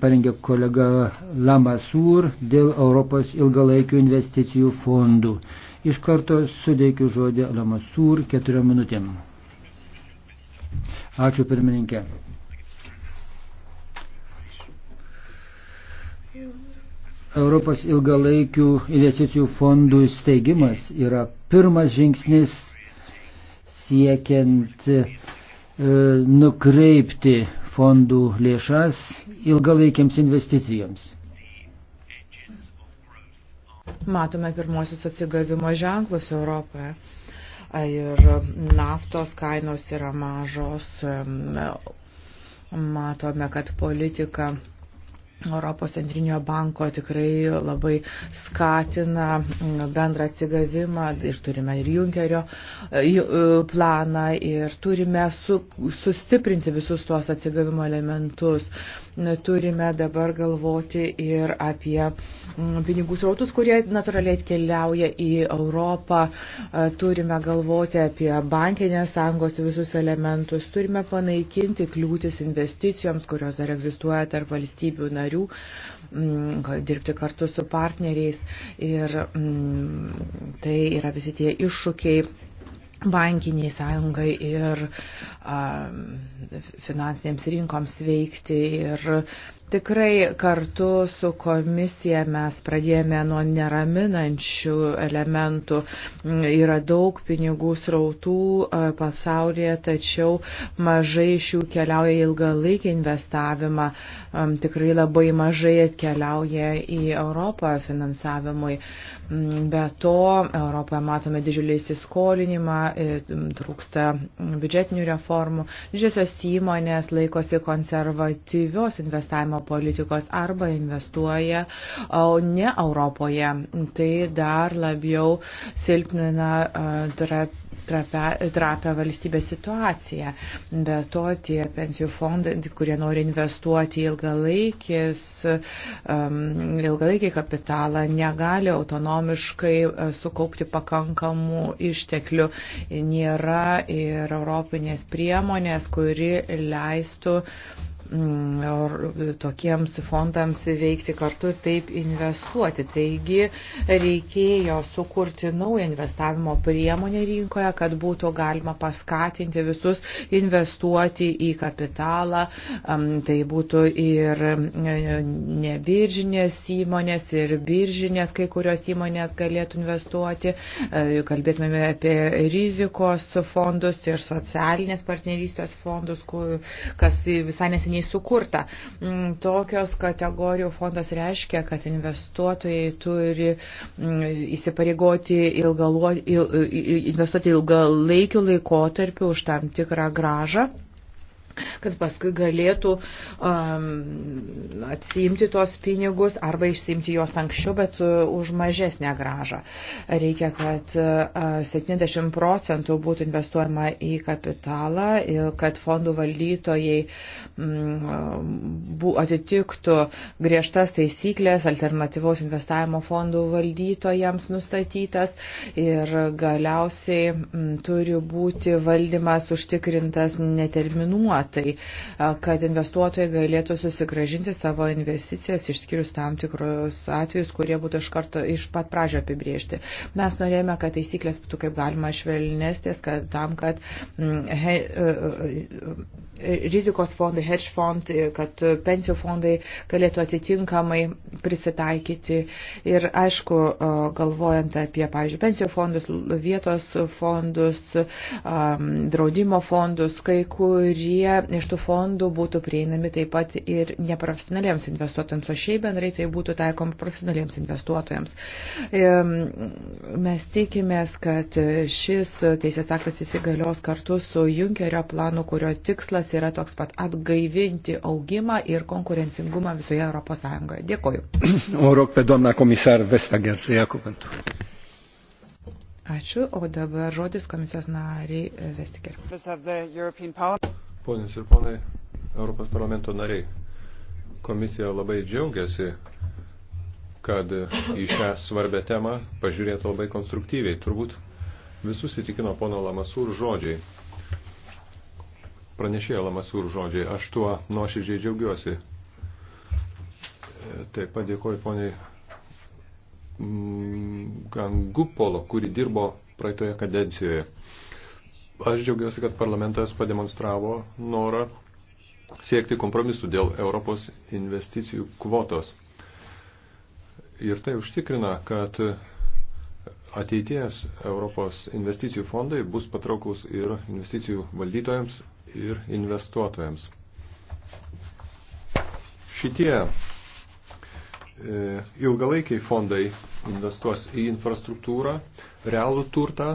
parengė kolega Lamasūr dėl Europos ilgalaikių investicijų fondų. Iš karto sudėkiu žodį Lamasūr keturiom minutėm. Ačiū pirmininkė. Europos ilgalaikių investicijų fondų steigimas yra pirmas žingsnis siekiant E, nukreipti fondų lėšas ilgalaikiams investicijoms. Matome pirmosius atsigavimo ženklus Europoje ir naftos kainos yra mažos. Matome, kad politika Europos centrinio banko tikrai labai skatina mm, bendrą atsigavimą ir turime ir Junkerio e, e, planą ir turime su, sustiprinti visus tuos atsigavimo elementus. Turime dabar galvoti ir apie mm, pinigų srautus, kurie natūraliai atkeliauja į Europą. E, turime galvoti apie bankinės sąjungos visus elementus. Turime panaikinti kliūtis investicijoms, kurios dar egzistuoja tarp valstybių narių narių, mm, dirbti kartu su partneriais ir mm, tai yra visi tie iššūkiai bankiniai sąjungai ir a, finansinėms rinkoms veikti ir Tikrai kartu su komisija mes pradėjome nuo neraminančių elementų. Yra daug pinigų srautų e, pasaulyje, tačiau mažai iš jų keliauja į ilgalaikį investavimą. Tikrai labai mažai atkeliauja į Europą finansavimui. Be to, Europoje matome didžiulį įsiskolinimą, e, trūksta biudžetinių reformų. Didžiosios įmonės laikosi konservatyvios investavimo politikos arba investuoja ne Europoje. Tai dar labiau silpnina trapę trapę, trapę valstybės situaciją. Be to, tie pensijų fondai, kurie nori investuoti į ilgalaikis, um, ilgalaikį kapitalą, negali autonomiškai sukaupti pakankamų išteklių. Nėra ir europinės priemonės, kuri leistų uh, Mm, tokiems fondams veikti kartu ir taip investuoti. Taigi reikėjo sukurti naują investavimo priemonę rinkoje, kad būtų galima paskatinti visus investuoti į kapitalą. Mm, tai būtų ir mm, nebiržinės įmonės, ir biržinės kai kurios įmonės galėtų investuoti. E, kalbėtumėme apie rizikos fondus ir socialinės partnerystės fondus, kas visai neseniai sukurta. Mm, tokios kategorijų fondas reiškia, kad investuotojai turi mm, įsipareigoti ilgalo, il, investuoti ilgalaikiu laikotarpiu už tam tikrą gražą kad paskui galėtų um, atsiimti tuos pinigus arba išsiimti juos anksčiau, bet uh, už mažesnę gražą. Reikia, kad uh, 70 procentų būtų investuojama į kapitalą, kad fondų valdytojai um, atitiktų griežtas taisyklės alternatyvaus investavimo fondų valdytojams nustatytas ir galiausiai um, turi būti valdymas užtikrintas neterminuotas metai, kad investuotojai galėtų susigražinti savo investicijas, išskyrus tam tikrus atvejus, kurie būtų iš karto iš pat pradžio apibriežti. Mes norėjome, kad taisyklės būtų kaip galima švelnesnės, kad tam, kad he, e, e, e, rizikos fondai, hedge fondai, kad pensijų fondai galėtų atitinkamai prisitaikyti. Ir aišku, galvojant apie, pavyzdžiui, pensijų fondus, vietos fondus, draudimo fondus, kai kurie iš tų fondų būtų prieinami taip pat ir neprofesionaliems investuotojams, o šiaip bendrai tai būtų taikoma profesionaliems investuotojams. Mes tikimės, kad šis teisės aktas įsigalios kartu su Junkerio planu, kurio tikslas yra toks pat atgaivinti augimą ir konkurencingumą visoje Europos Sąjungoje. Dėkoju. Orok pe doamna comisar Vestager să ia cuvântul. Ačiū, o dabar žodis komisijos nariai Vestiger. Ponius ir ponai, Europos parlamento nariai, komisija labai džiaugiasi, kad į šią svarbę temą pažiūrėtų labai konstruktyviai. Turbūt visus įtikino pono Lamasūr žodžiai. Pranešėjo Lamasūr žodžiai. Aš tuo nuoširdžiai džiaugiuosi. Taip pat dėkoju poniai mm, Gangupolo, kuri dirbo praeitoje kadencijoje. Aš džiaugiuosi, kad parlamentas pademonstravo norą siekti kompromisų dėl Europos investicijų kvotos. Ir tai užtikrina, kad ateities Europos investicijų fondai bus patraukus ir investicijų valdytojams, ir investuotojams. Šitie e, ilgalaikiai fondai investuos į infrastruktūrą, realų turtą,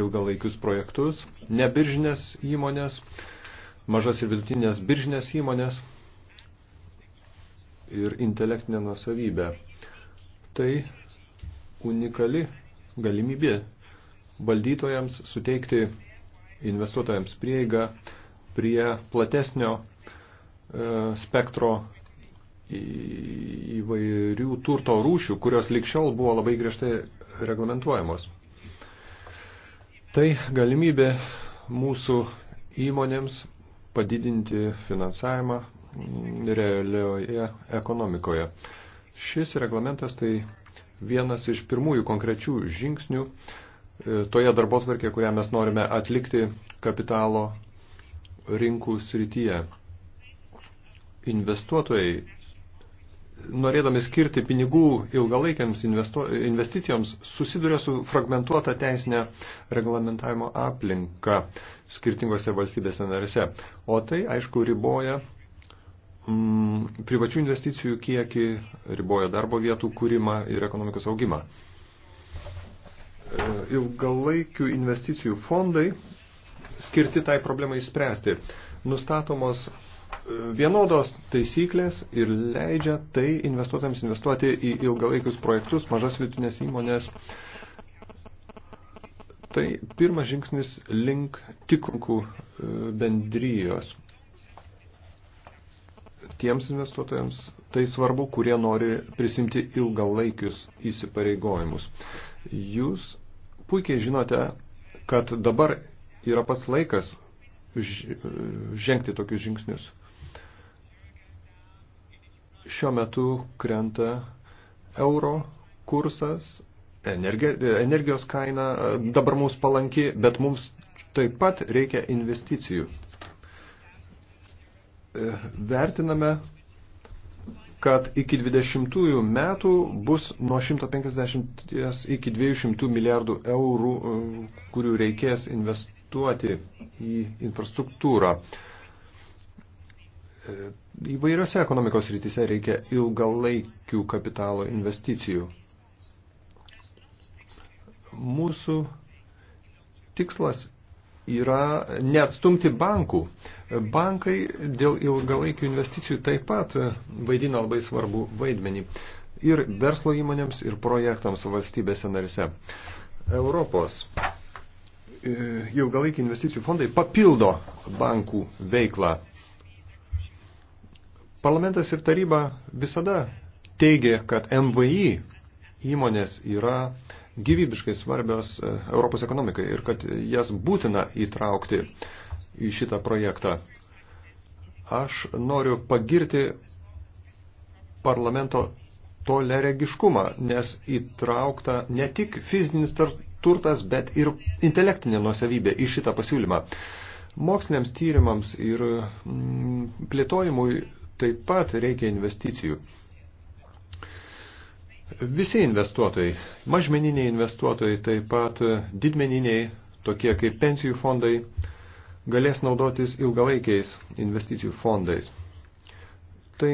ilgalaikius projektus, nebiržinės įmonės, mažas ir vidutinės biržinės įmonės ir intelektinė nusavybė. Tai unikali galimybė valdytojams suteikti investuotojams prieigą prie platesnio e, spektro įvairių turto rūšių, kurios likščiol buvo labai griežtai reglamentuojamos. Tai galimybė mūsų įmonėms padidinti finansavimą realioje ekonomikoje. Šis reglamentas tai vienas iš pirmųjų konkrečių žingsnių e, toje darbotvarkėje, kurią mes norime atlikti kapitalo rinkų srityje. Investuotojai norėdami skirti pinigų ilgalaikiams investicijoms, susiduria su fragmentuota teisinė reglamentavimo aplinka skirtingose valstybėse narėse. O tai, aišku, riboja mm, privačių investicijų kiekį, riboja darbo vietų kūrimą ir ekonomikos augimą. E, ilgalaikių investicijų fondai skirti tai problemai spręsti. Nustatomos vienodos taisyklės ir leidžia tai investuotams investuoti į ilgalaikius projektus, mažas vidutinės įmonės. Tai pirmas žingsnis link tikrų e, bendrijos. Tiems investuotojams tai svarbu, kurie nori prisimti ilgalaikius įsipareigojimus. Jūs puikiai žinote, kad dabar yra pats laikas žengti tokius žingsnius šiuo metu krenta euro kursas, energijos kaina e, dabar mums palanki, bet mums taip pat reikia investicijų. E, vertiname, kad iki 20 metų bus nuo 150 iki 200 milijardų eurų, e, kurių reikės investuoti į infrastruktūrą. Įvairiose ekonomikos rytise reikia ilgalaikių kapitalo investicijų. Mūsų tikslas yra neatstumti bankų. Bankai dėl ilgalaikių investicijų taip pat vaidina labai svarbų vaidmenį ir verslo įmonėms, ir projektams valstybėse narise. Europos e, ilgalaikių investicijų fondai papildo bankų veiklą Parlamentas ir taryba visada teigė, kad MVI įmonės yra gyvybiškai svarbios e, Europos ekonomikai ir kad jas būtina įtraukti į šitą projektą. Aš noriu pagirti parlamento toleregiškumą, nes įtraukta ne tik fizinis turtas, bet ir intelektinė nuosavybė į šitą pasiūlymą. Moksliniams tyrimams ir mm, plėtojimui taip pat reikia investicijų. Visi investuotojai, mažmeniniai investuotojai, taip pat didmeniniai, tokie kaip pensijų fondai, galės naudotis ilgalaikiais investicijų fondais. Tai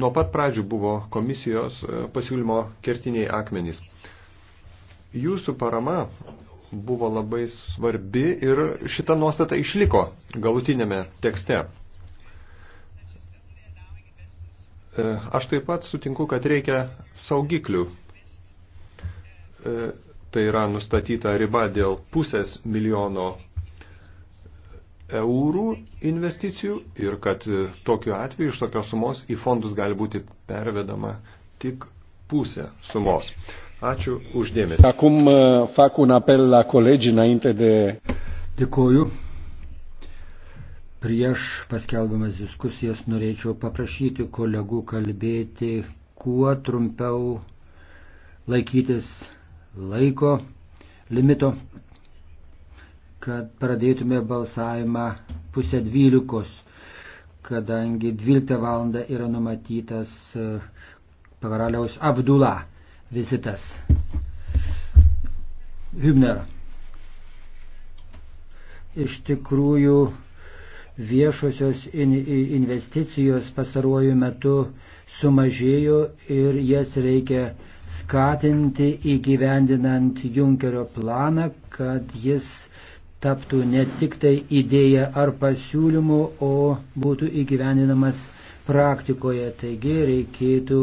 nuo pat pradžių buvo komisijos e, pasiūlymo kertiniai akmenys. Jūsų parama buvo labai svarbi ir šita nuostata išliko galutinėme tekste. E, aš taip pat sutinku, kad reikia saugiklių. E, tai yra nustatyta riba dėl pusės milijono eurų investicijų ir kad e, tokiu atveju iš tokios sumos į fondus gali būti pervedama tik pusė sumos. Ačiū uždėmesį. Acum fac un apel la colegi înainte de... Dėkuoju. Prieš paskelbiamas diskusijas norėčiau paprašyti kolegų kalbėti kuo trumpiau laikytis laiko limito, kad pradėtume balsavimą pusę dvylikos, kadangi dvyliktą valandą yra numatytas e, karaliaus Abdula vizitas. Hübner. Iš tikrųjų, viešosios in, investicijos pastaruoju metu sumažėjo ir jas reikia skatinti įgyvendinant Junkerio planą, kad jis taptų ne tik tai idėja ar pasiūlymu, o būtų įgyvendinamas praktikoje. Taigi reikėtų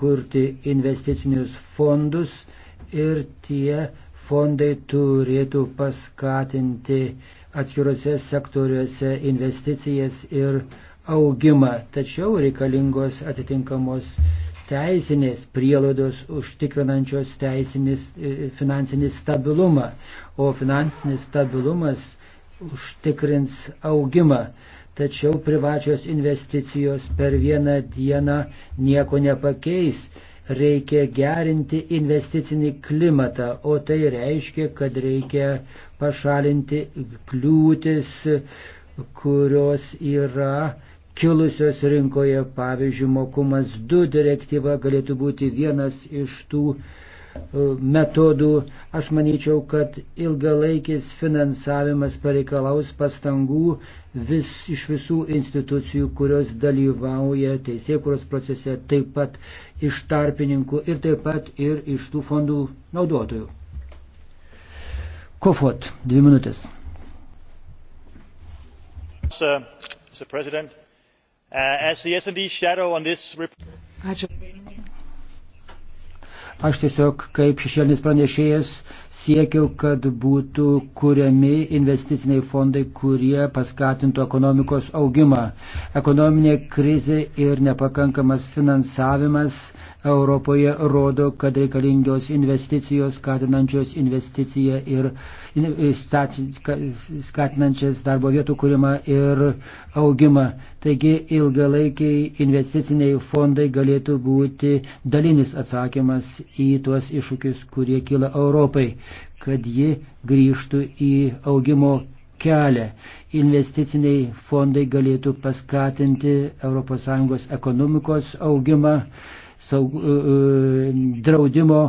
kurti investicinius fondus ir tie fondai turėtų paskatinti atskiruose sektoriuose investicijas ir augimą, tačiau reikalingos atitinkamos teisinės prielaidos užtikrinančios teisinis, e, finansinį stabilumą, o finansinis stabilumas užtikrins augimą. Tačiau privačios investicijos per vieną dieną nieko nepakeis. Reikia gerinti investicinį klimatą, o tai reiškia, kad reikia pašalinti kliūtis, kurios yra kilusios rinkoje. Pavyzdžiui, mokumas 2 direktyva galėtų būti vienas iš tų e, metodų. Aš manyčiau, kad ilgalaikis finansavimas pareikalaus pastangų vis, iš visų institucijų, kurios dalyvauja teisėkuros procese, taip pat iš tarpininkų ir taip pat ir iš tų fondų naudotojų. Kofot, dvi minutės. Uh, Ačiū. Aš tiesiog kaip šešėlinis pranešėjas siekiau, kad būtų kuriami investiciniai fondai, kurie paskatintų ekonomikos augimą. Ekonominė krizė ir nepakankamas finansavimas Europoje rodo, kad reikalingios investicijos, skatinančios investiciją ir skatinančias darbo vietų kūrimą ir augimą. Taigi ilgalaikiai investiciniai fondai galėtų būti dalinis atsakymas į tuos iššūkius, kurie kyla Europai, kad ji grįžtų į augimo kelią. Investiciniai fondai galėtų paskatinti ES ekonomikos augimą, saug, e, e, draudimo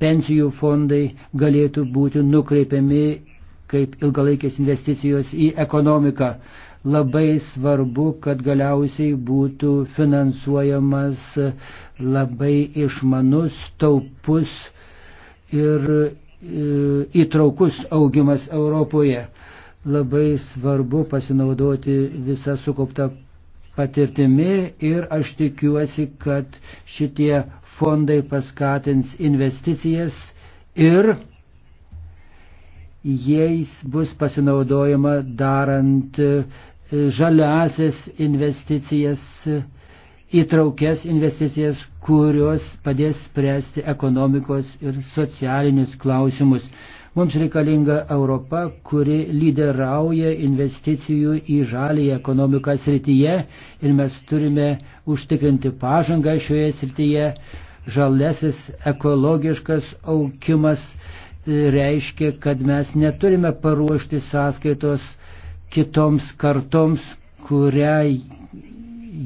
pensijų fondai galėtų būti nukreipiami kaip ilgalaikės investicijos į ekonomiką. Labai svarbu, kad galiausiai būtų finansuojamas labai išmanus, taupus ir e, įtraukus augimas Europoje. Labai svarbu pasinaudoti visą sukauptą patirtimi ir aš tikiuosi, kad šitie fondai paskatins investicijas ir jais bus pasinaudojama darant e, žaliasias investicijas, įtraukės investicijas, kurios padės spręsti ekonomikos ir socialinius klausimus. Mums reikalinga Europa, kuri lyderauja investicijų į žalį ekonomiką srityje ir mes turime užtikrinti pažangą šioje srityje. Žalesis ekologiškas aukimas e, reiškia, kad mes neturime paruošti sąskaitos kitoms kartoms, kuriai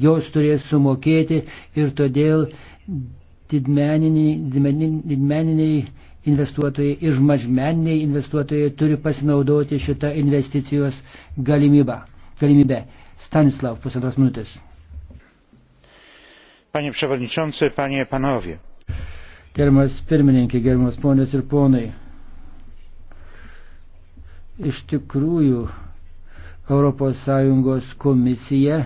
jos turės sumokėti ir todėl didmeniniai, didmeniniai investuotojai ir mažmeniniai investuotojai turi pasinaudoti šitą investicijos galimybę. galimybę. Stanislav, pusantros minutės. Panie Przewodniczący, Panie Panowie. Gerbiamas pirmininkė, gerbiamas ponės ir ponai. Iš tikrųjų, ES komisija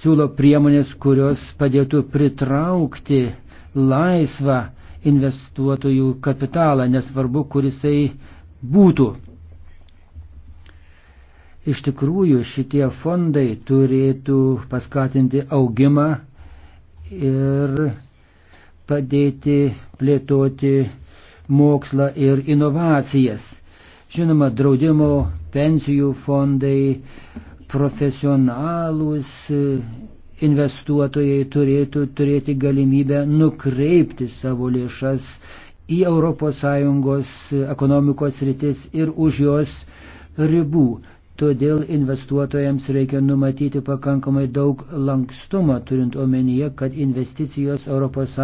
siūlo priemonės, kurios padėtų pritraukti laisvą investuotojų kapitalą, nesvarbu, kur jisai būtų. Iš tikrųjų, šitie fondai turėtų paskatinti augimą ir padėti plėtoti mokslą ir inovacijas. Žinoma, draudimo pensijų fondai, profesionalūs investuotojai turėtų turėti galimybę nukreipti savo lėšas į ES ekonomikos rytis ir už jos ribų. Todėl investuotojams reikia numatyti pakankamai daug lankstumą, turint omenyje, kad investicijos ES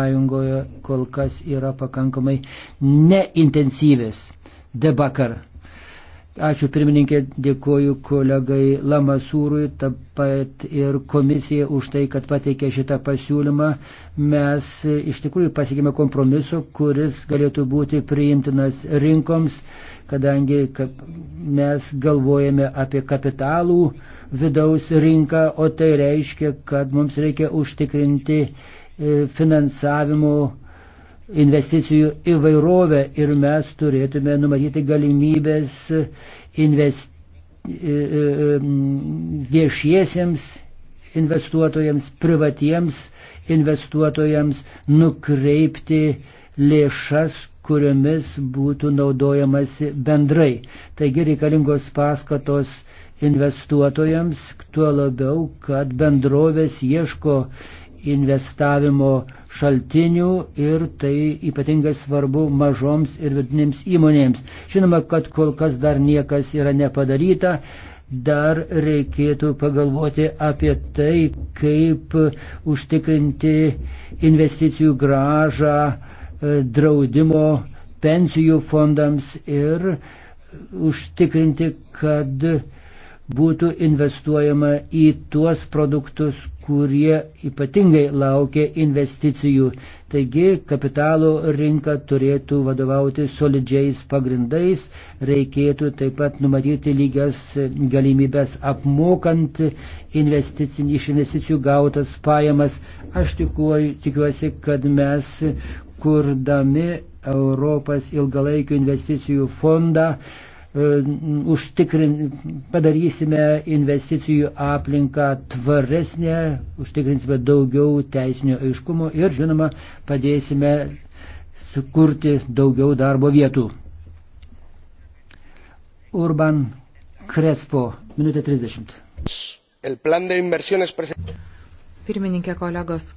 kol kas yra pakankamai neintensyvės. Debakar. Ačiū pirmininkė, dėkoju kolegai Lamasūrui, taip pat ir komisija už tai, kad pateikė šitą pasiūlymą. Mes iš tikrųjų pasiekėme kompromiso, kuris galėtų būti priimtinas rinkoms, kadangi mes galvojame apie kapitalų vidaus rinką, o tai reiškia, kad mums reikia užtikrinti e, finansavimo investicijų įvairovę ir mes turėtume numatyti galimybės invest... viešiesiems investuotojams, privatiems investuotojams nukreipti lėšas, kuriomis būtų naudojamasi bendrai. Taigi reikalingos paskatos investuotojams, tuo labiau, kad bendrovės ieško investavimo šaltinių ir tai ypatingai svarbu mažoms ir vidinėms įmonėms. Žinoma, kad kol kas dar niekas yra nepadaryta, dar reikėtų pagalvoti apie tai, kaip užtikrinti investicijų gražą e, draudimo pensijų fondams ir užtikrinti, kad būtų investuojama į tuos produktus, kurie ypatingai laukia investicijų. Taigi kapitalo rinka turėtų vadovauti solidžiais pagrindais, reikėtų taip pat numatyti lygias galimybės apmokant iš investicijų gautas pajamas. Aš tikuoju, tikiuosi, kad mes kurdami Europos ilgalaikių investicijų fondą E, užtikrin, padarysime investicijų aplinką tvaresnę, užtikrinsime daugiau teisinio aiškumo ir, žinoma, padėsime sukurti daugiau darbo vietų. Urban Crespo, minutė 30. Pirmininkė kolegos,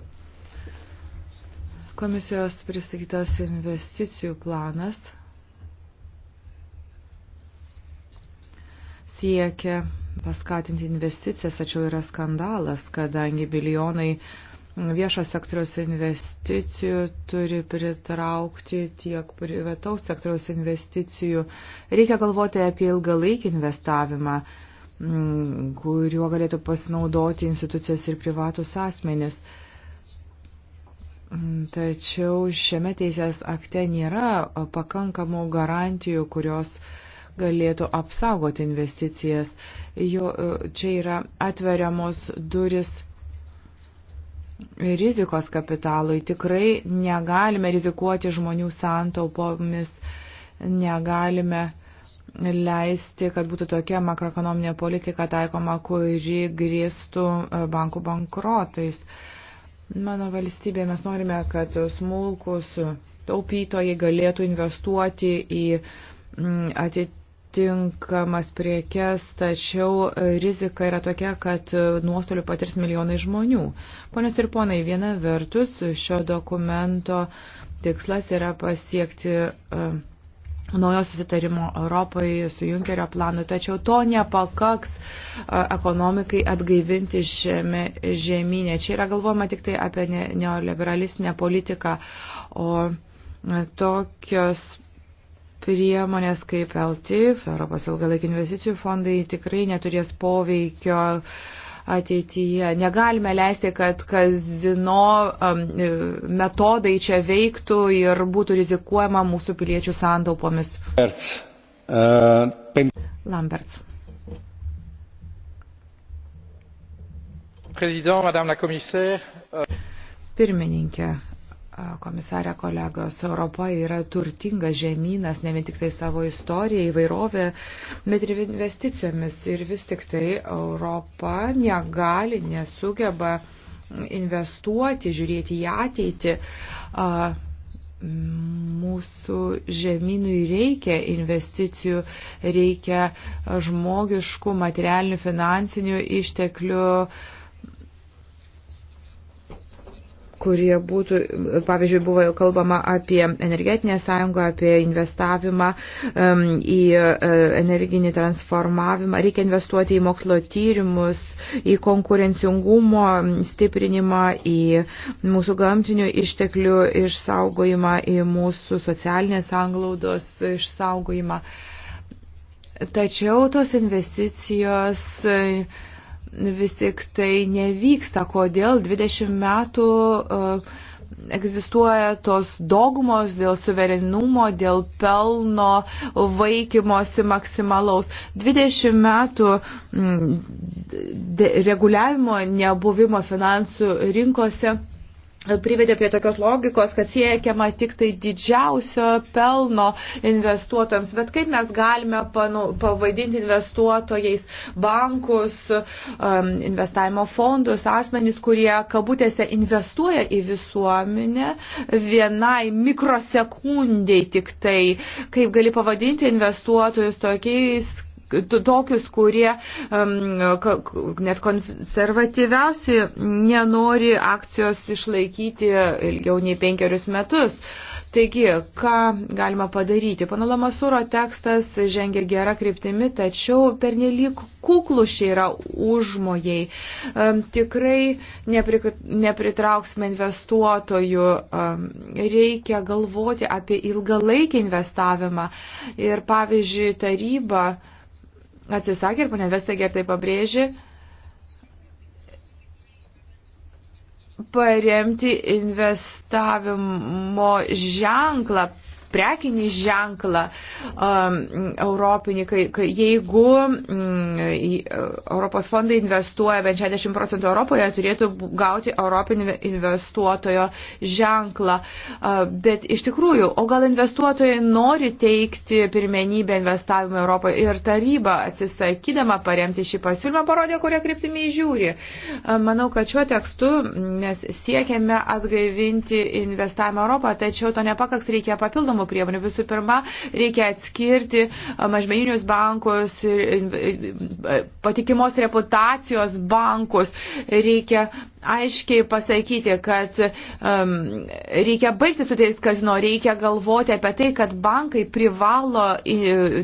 komisijos pristatytas investicijų planas siekia paskatinti investicijas, tačiau yra skandalas, kadangi bilijonai viešo sektoriaus investicijų turi pritraukti tiek privataus sektoriaus investicijų. Reikia galvoti apie ilgalaikį investavimą, mm, kuriuo galėtų pasinaudoti institucijos ir privatus asmenis. Mm, tačiau šiame teisės akte nėra pakankamų garantijų, kurios uh, galėtų apsaugoti investicijas. Jo, e, čia yra atveriamos duris rizikos kapitalui. Tikrai negalime rizikuoti žmonių santaupomis, negalime leisti, kad būtų tokia makroekonominė politika taikoma, kuri grėstų e, bankų bankrotais. Mano valstybė mes norime, kad smulkus taupytojai galėtų investuoti į atitinkamą tinkamas priekes, tačiau rizika yra tokia, kad nuostolių patirs milijonai žmonių. Ponios ir ponai, viena vertus šio dokumento tikslas yra pasiekti e, naujo susitarimo Europai su Junkerio planu, tačiau to nepakaks e, ekonomikai atgaivinti šiame žemynė. Čia yra galvojama tik tai apie neoliberalistinę politiką, o e, tokios priemonės kaip LTIF, Europos ilgalaikį investicijų fondai tikrai neturės poveikio ateityje. Negalime leisti, kad kazino um, metodai čia veiktų ir būtų rizikuojama mūsų piliečių santaupomis. Lamberts. Uh, pen... Lamberts. Prezident, madame la commissaire. Uh... Pirmininkė, Komisarė kolegos, Europa yra turtingas žemynas, ne vien tik tai savo istoriją, įvairovę, bet ir investicijomis. Ir vis tik tai Europa negali, nesugeba investuoti, žiūrėti į ateitį. Mūsų žemynui reikia investicijų, reikia žmogiškų, materialinių, finansinių išteklių kurie būtų, pavyzdžiui, buvo kalbama apie energetinę sąjungą, apie investavimą um, į e, energinį transformavimą. Reikia investuoti į mokslo tyrimus, į konkurencingumo stiprinimą, į mūsų gamtinių išteklių išsaugojimą, į mūsų socialinės anglaudos išsaugojimą. Tačiau tos investicijos uh, vis tik tai nevyksta, kodėl 20 metų e, egzistuoja tos dogmos dėl suverenumo, dėl pelno vaikymosi maksimalaus. 20 metų mm, reguliavimo nebuvimo finansų rinkose privedė prie tokios logikos, kad siekiama tik tai didžiausio pelno investuotojams. Bet kaip mes galime panu, pavadinti investuotojais bankus, um, investavimo fondus, asmenys, kurie kabutėse investuoja į visuomenę vienai mikrosekundiai tik tai. Kaip gali pavadinti investuotojus tokiais, tokius, kurie um, net konservatyviausi nenori akcijos išlaikyti ilgiau nei penkerius metus. Taigi, ką galima padaryti? Pana Lamasūro tekstas žengia gerą kryptimį, tačiau pernelyg kuklušiai yra užmojai. Um, tikrai nepri, nepritrauksime investuotojų. Um, reikia galvoti apie ilgalaikį investavimą. Ir pavyzdžiui, taryba uh, atsisakė ir ponia Vestager tai pabrėžė, paremti investavimo ženklą prekinį ženklą um, europinį, kai, kai, jeigu um, Europos fondai investuoja bent 60 procentų Europoje, turėtų gauti europinį investuotojo ženklą. Uh, bet iš tikrųjų, o gal investuotojai nori teikti pirmenybę investavimą Europoje ir taryba atsisakydama paremti šį pasiūlymą parodė, kurie kryptimi žiūri. Uh, manau, kad šiuo tekstu mes siekiame atgaivinti investavimą Europą, tačiau to nepakaks reikia papildomų reguliavimo priemonių. Visų pirma, reikia atskirti mažmeninius bankus, patikimos reputacijos bankus. Reikia aiškiai pasakyti, kad um, reikia baigti su tais kazino, reikia galvoti apie tai, kad bankai privalo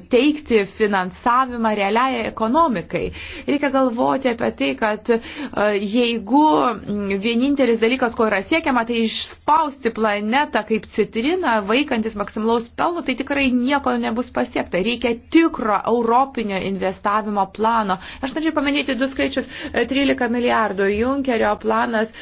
teikti finansavimą realiai ekonomikai. Reikia galvoti apie tai, kad uh, jeigu mm, vienintelis dalykas, ko yra siekiama, tai išspausti planetą kaip citriną, vaikantis maksimalaus pelno, tai tikrai nieko nebus pasiekta. Reikia tikro europinio investavimo plano. Aš norėčiau paminėti du skaičius - 13 milijardų Junkerio planas e,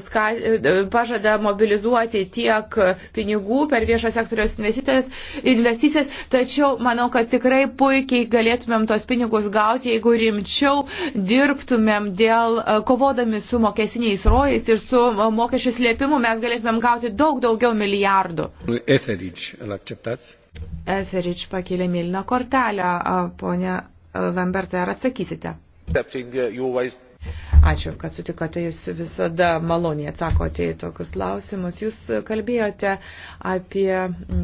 ska, e, pažada mobilizuoti tiek pinigų per viešo sektoriaus investicijas, investicijas, tačiau manau, kad tikrai puikiai galėtumėm tos pinigus gauti, jeigu rimčiau dirbtumėm dėl e, kovodami su mokesiniais rojais ir su mokesčių slėpimu, mes galėtumėm gauti daug daugiau milijardų. Etheridge, Etheridge pakėlė mėlyną kortelę, ponia Lambertai, ar atsakysite? accepting uh, your ways Ačiū, kad sutikote, jūs visada maloniai atsakote į tokius klausimus. Jūs kalbėjote apie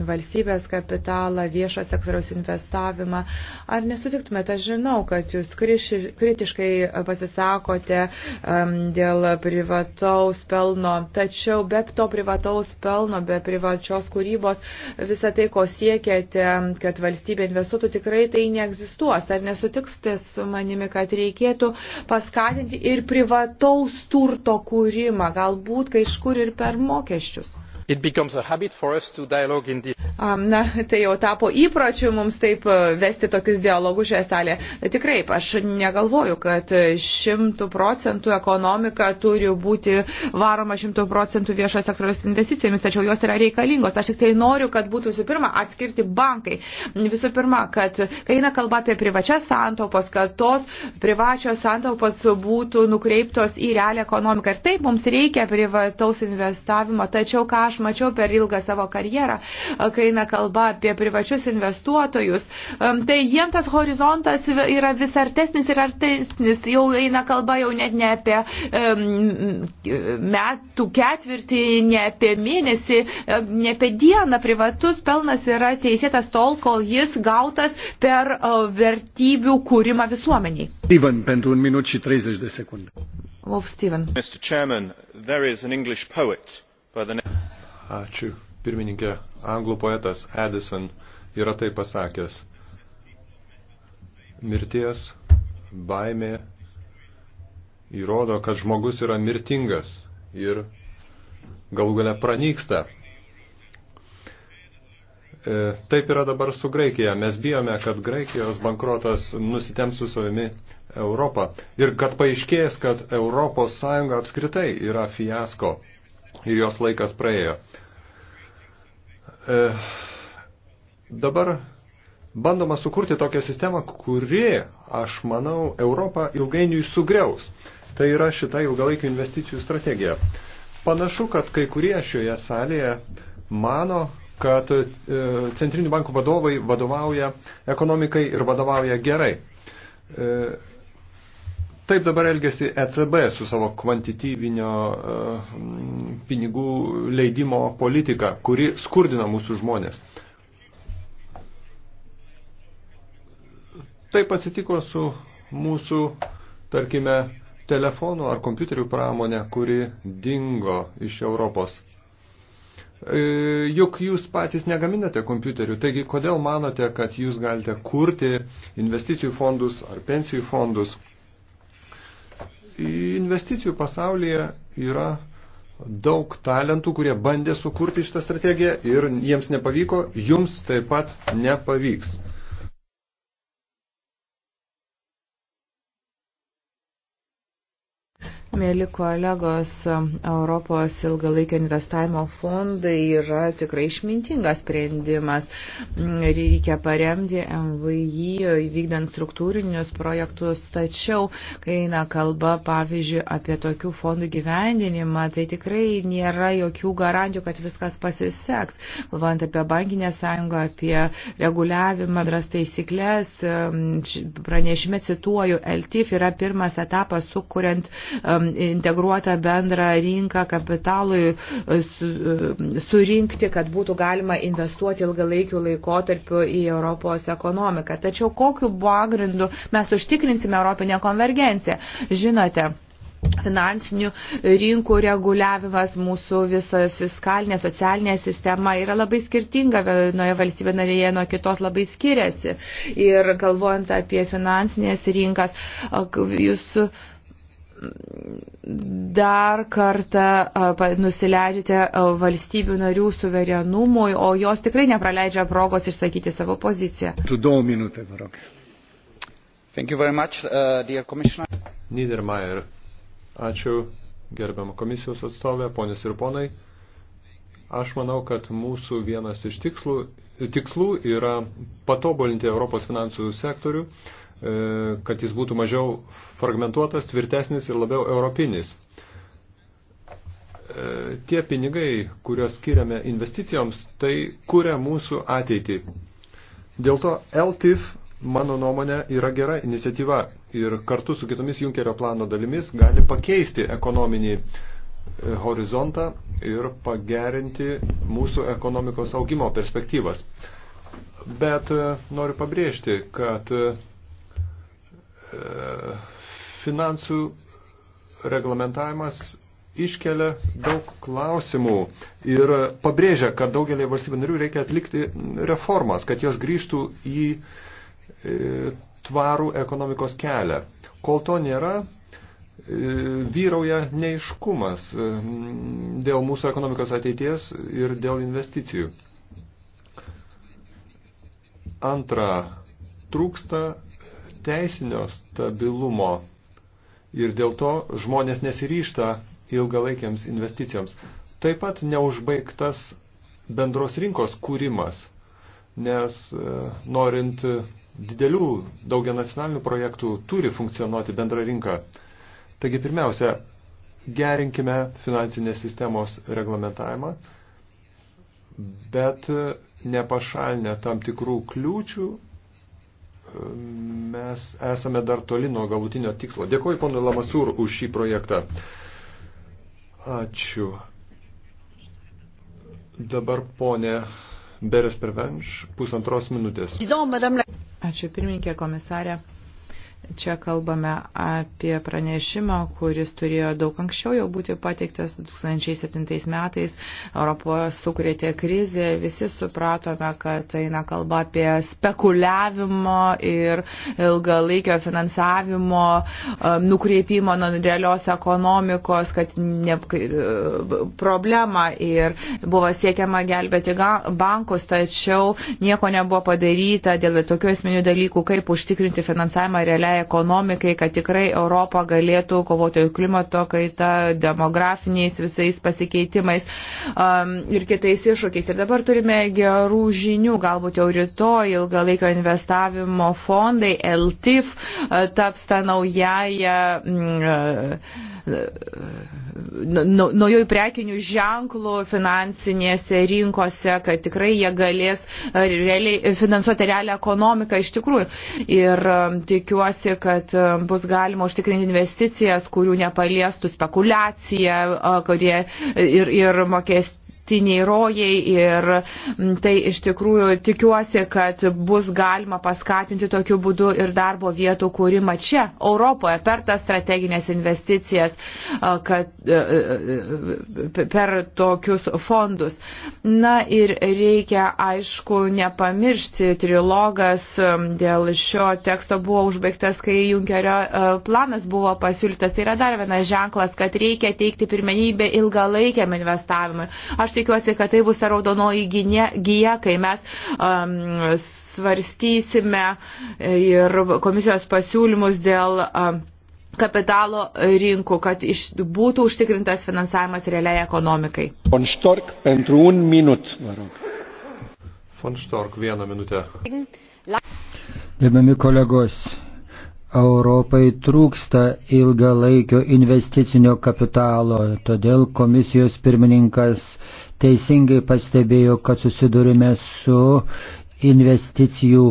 valstybės kapitalą, viešo sektoriaus investavimą. Ar nesutiktumėte, aš žinau, kad jūs kritiškai pasisakote um, dėl privataus pelno, tačiau be to privataus pelno, be privačios kūrybos, visą tai, ko siekėte, kad valstybė investuotų, tikrai tai neegzistuos. Ar nesutiksite su manimi, kad reikėtų paskatinti ir privataus turto kūrimą, galbūt kažkur ir per mokesčius. Um, na, tai jau tapo įpročiu mums taip e, vesti tokius dialogus šioje salėje. Tikrai, aš negalvoju, kad šimtų procentų ekonomika turi būti varoma šimtų procentų viešo sektoriaus investicijomis, tačiau jos yra reikalingos. Aš tik tai noriu, kad būtų visų pirma atskirti bankai. Visų pirma, kad kai eina kalba apie privačias santaupas, kad tos privačios santaupas būtų nukreiptos į realią ekonomiką. Ir taip mums reikia privataus investavimo. Tačiau ką aš mačiau per ilgą savo karjerą, e, kai eina kalba apie privačius investuotojus. E, tai jiems tas horizontas yra vis artesnis ir artesnis. Jau eina kalba jau net ne apie metų ketvirtį, ne apie mėnesį, e, ne apie dieną. Privatus pelnas yra teisėtas tol, kol jis gautas per vertybių kūrimą visuomeniai. Steven, pentru 1 minut și 30 de secunde. Wolf Steven. Mr. Chairman, there is an English poet by the name Ačiū. Pirmininkė, anglų poetas Edison yra tai pasakęs. Mirties baimė įrodo, kad žmogus yra mirtingas ir galų gale pranyksta. E, taip yra dabar su Graikija. Mes bijome, kad Graikijos bankrotas nusitems su savimi Europą ir kad paaiškės, kad Europos Sąjunga apskritai yra fiasko ir jos laikas praėjo e, dabar bandoma sukurti tokią sistemą, kuri, aš manau, Europą ilgainiui sugriaus. Tai yra šita ilgalaikių investicijų strategija. Panašu, kad kai kurie šioje salėje mano, kad e, centrinių bankų vadovai vadovauja ekonomikai ir vadovauja gerai. E, Taip dabar elgesi ECB su savo kvantityvinio e, pinigų leidimo politika, kuri skurdina mūsų žmonės. Taip atsitiko su mūsų, tarkime, telefonų ar kompiuterių pramonė, kuri dingo iš Europos. E, juk jūs patys negaminate kompiuterių, taigi kodėl manote, kad jūs galite kurti investicijų fondus ar pensijų fondus? Investicijų pasaulyje yra daug talentų, kurie bandė sukurti šitą strategiją ir jiems nepavyko, jums taip pat nepavyks. Mėly kolegos, Europos ilgalaikio investavimo fondai yra tikrai išmintingas sprendimas. Reikia paremti MVI vykdant struktūrinius projektus, tačiau, kai eina kalba, pavyzdžiui, apie tokių fondų gyvendinimą, tai tikrai nėra jokių garantijų, kad viskas pasiseks. Galvojant apie bankinę sąjungą, apie reguliavimą, dras taisyklės, pranešime cituoju, LTIF yra pirmas etapas, sukuriant um, integruotą bendrą rinką kapitalui e, e, surinkti, kad būtų galima investuoti ilgalaikių laikotarpių į Europos ekonomiką. Tačiau kokiu pagrindu mes užtikrinsime Europinę konvergenciją? Žinote, finansinių rinkų reguliavimas, mūsų viso fiskalinė, socialinė sistema yra labai skirtinga, vienoje valstybė narėje nuo kitos labai skiriasi. Ir galvojant apie finansinės rinkas, jūs dar kartą nusileidžiate valstybių narių suverenumui, o jos tikrai nepraleidžia progos išsakyti savo poziciją. Tu du minutė, Barok. Uh, Niedermayer. Ačiū gerbiamą komisijos atstovę, ponės ir ponai. Aš manau, kad mūsų vienas iš tikslų, tikslų yra patobulinti Europos finansų sektorių. Uh, E, kad jis būtų mažiau fragmentuotas, tvirtesnis ir labiau europinis. E, tie pinigai, kuriuos skiriame investicijoms, tai kuria mūsų ateitį. Dėl to LTIF, mano nuomonė, yra gera iniciatyva ir kartu su kitomis Junkerio plano dalimis gali pakeisti ekonominį e, horizontą ir pagerinti mūsų ekonomikos augimo perspektyvas. Bet noriu pabrėžti, kad E, finansų reglamentavimas iškelia daug klausimų ir pabrėžia, kad daugelį valstybių narių reikia atlikti reformas, kad jos grįžtų į e, tvarų ekonomikos kelią. Kol to nėra, e, vyrauja neiškumas dėl mūsų ekonomikos ateities ir dėl investicijų. Antra, trūksta teisinio stabilumo ir dėl to žmonės nesiryšta ilgalaikiams investicijoms. Taip pat neužbaigtas bendros rinkos kūrimas, nes e, norint didelių daugia nacionalinių projektų turi funkcionuoti bendra rinka. Taigi pirmiausia, gerinkime finansinės sistemos reglamentavimą, bet nepašalinę tam tikrų kliūčių mes esame dar toli nuo galutinio tikslo. Dėkuoju ponui Lamasūr už šį projektą. Ačiū. Dabar ponė Beres Pervenš, pusantros minutės. Ačiū pirmininkė komisarė. Čia kalbame apie pranešimą, kuris turėjo daug anksčiau jau būti pateiktas 2007 metais. Europoje sukrėtė krizė, visi supratome, kad eina kalba apie spekuliavimo ir ilgalaikio finansavimo um, nukreipimo nuo realios ekonomikos, kad ne, problema ir buvo siekiama gelbėti bankus, tačiau nieko nebuvo padaryta dėl tokių esminių dalykų, kaip užtikrinti finansavimą realiai realiai ekonomikai, kad tikrai Europą galėtų kovoti klimato kaita, demografiniais visais pasikeitimais um, ir kitais iššūkiais. Ir dabar turime gerų žinių, galbūt jau rytoj ilgalaikio investavimo fondai, LTIF, uh, taps tą naująją. Mm, uh, Nu, naujojų prekinių ženklų finansinėse rinkose, kad tikrai jie galės e, realiai, finansuoti realią ekonomiką iš tikrųjų. Ir e, tikiuosi, kad e, bus galima užtikrinti investicijas, kurių nepaliestų spekulacija, kurie ir, ir mokės nuolatiniai rojai ir tai iš tikrųjų tikiuosi, kad bus galima paskatinti tokiu būdu ir darbo vietų kūrimą čia, Europoje, per tas strateginės investicijas, kad, per tokius fondus. Na ir reikia, aišku, nepamiršti, trilogas dėl šio teksto buvo užbaigtas, kai Junkerio planas buvo pasiūlytas. Tai yra dar vienas ženklas, kad reikia teikti pirmenybę ilgalaikiam investavimui. Aš aš tikiuosi, kad tai bus raudonoji gyja, kai mes um, svarstysime ir komisijos pasiūlymus dėl um, kapitalo rinkų, kad iš, būtų užtikrintas finansavimas realiai ekonomikai. Von Stork, pentru un minut. Von Stork, vieną minutę. Gerbiami kolegos, Europai trūksta ilgalaikio investicinio kapitalo, todėl komisijos pirmininkas teisingai pastebėjo, kad susidurime su investicijų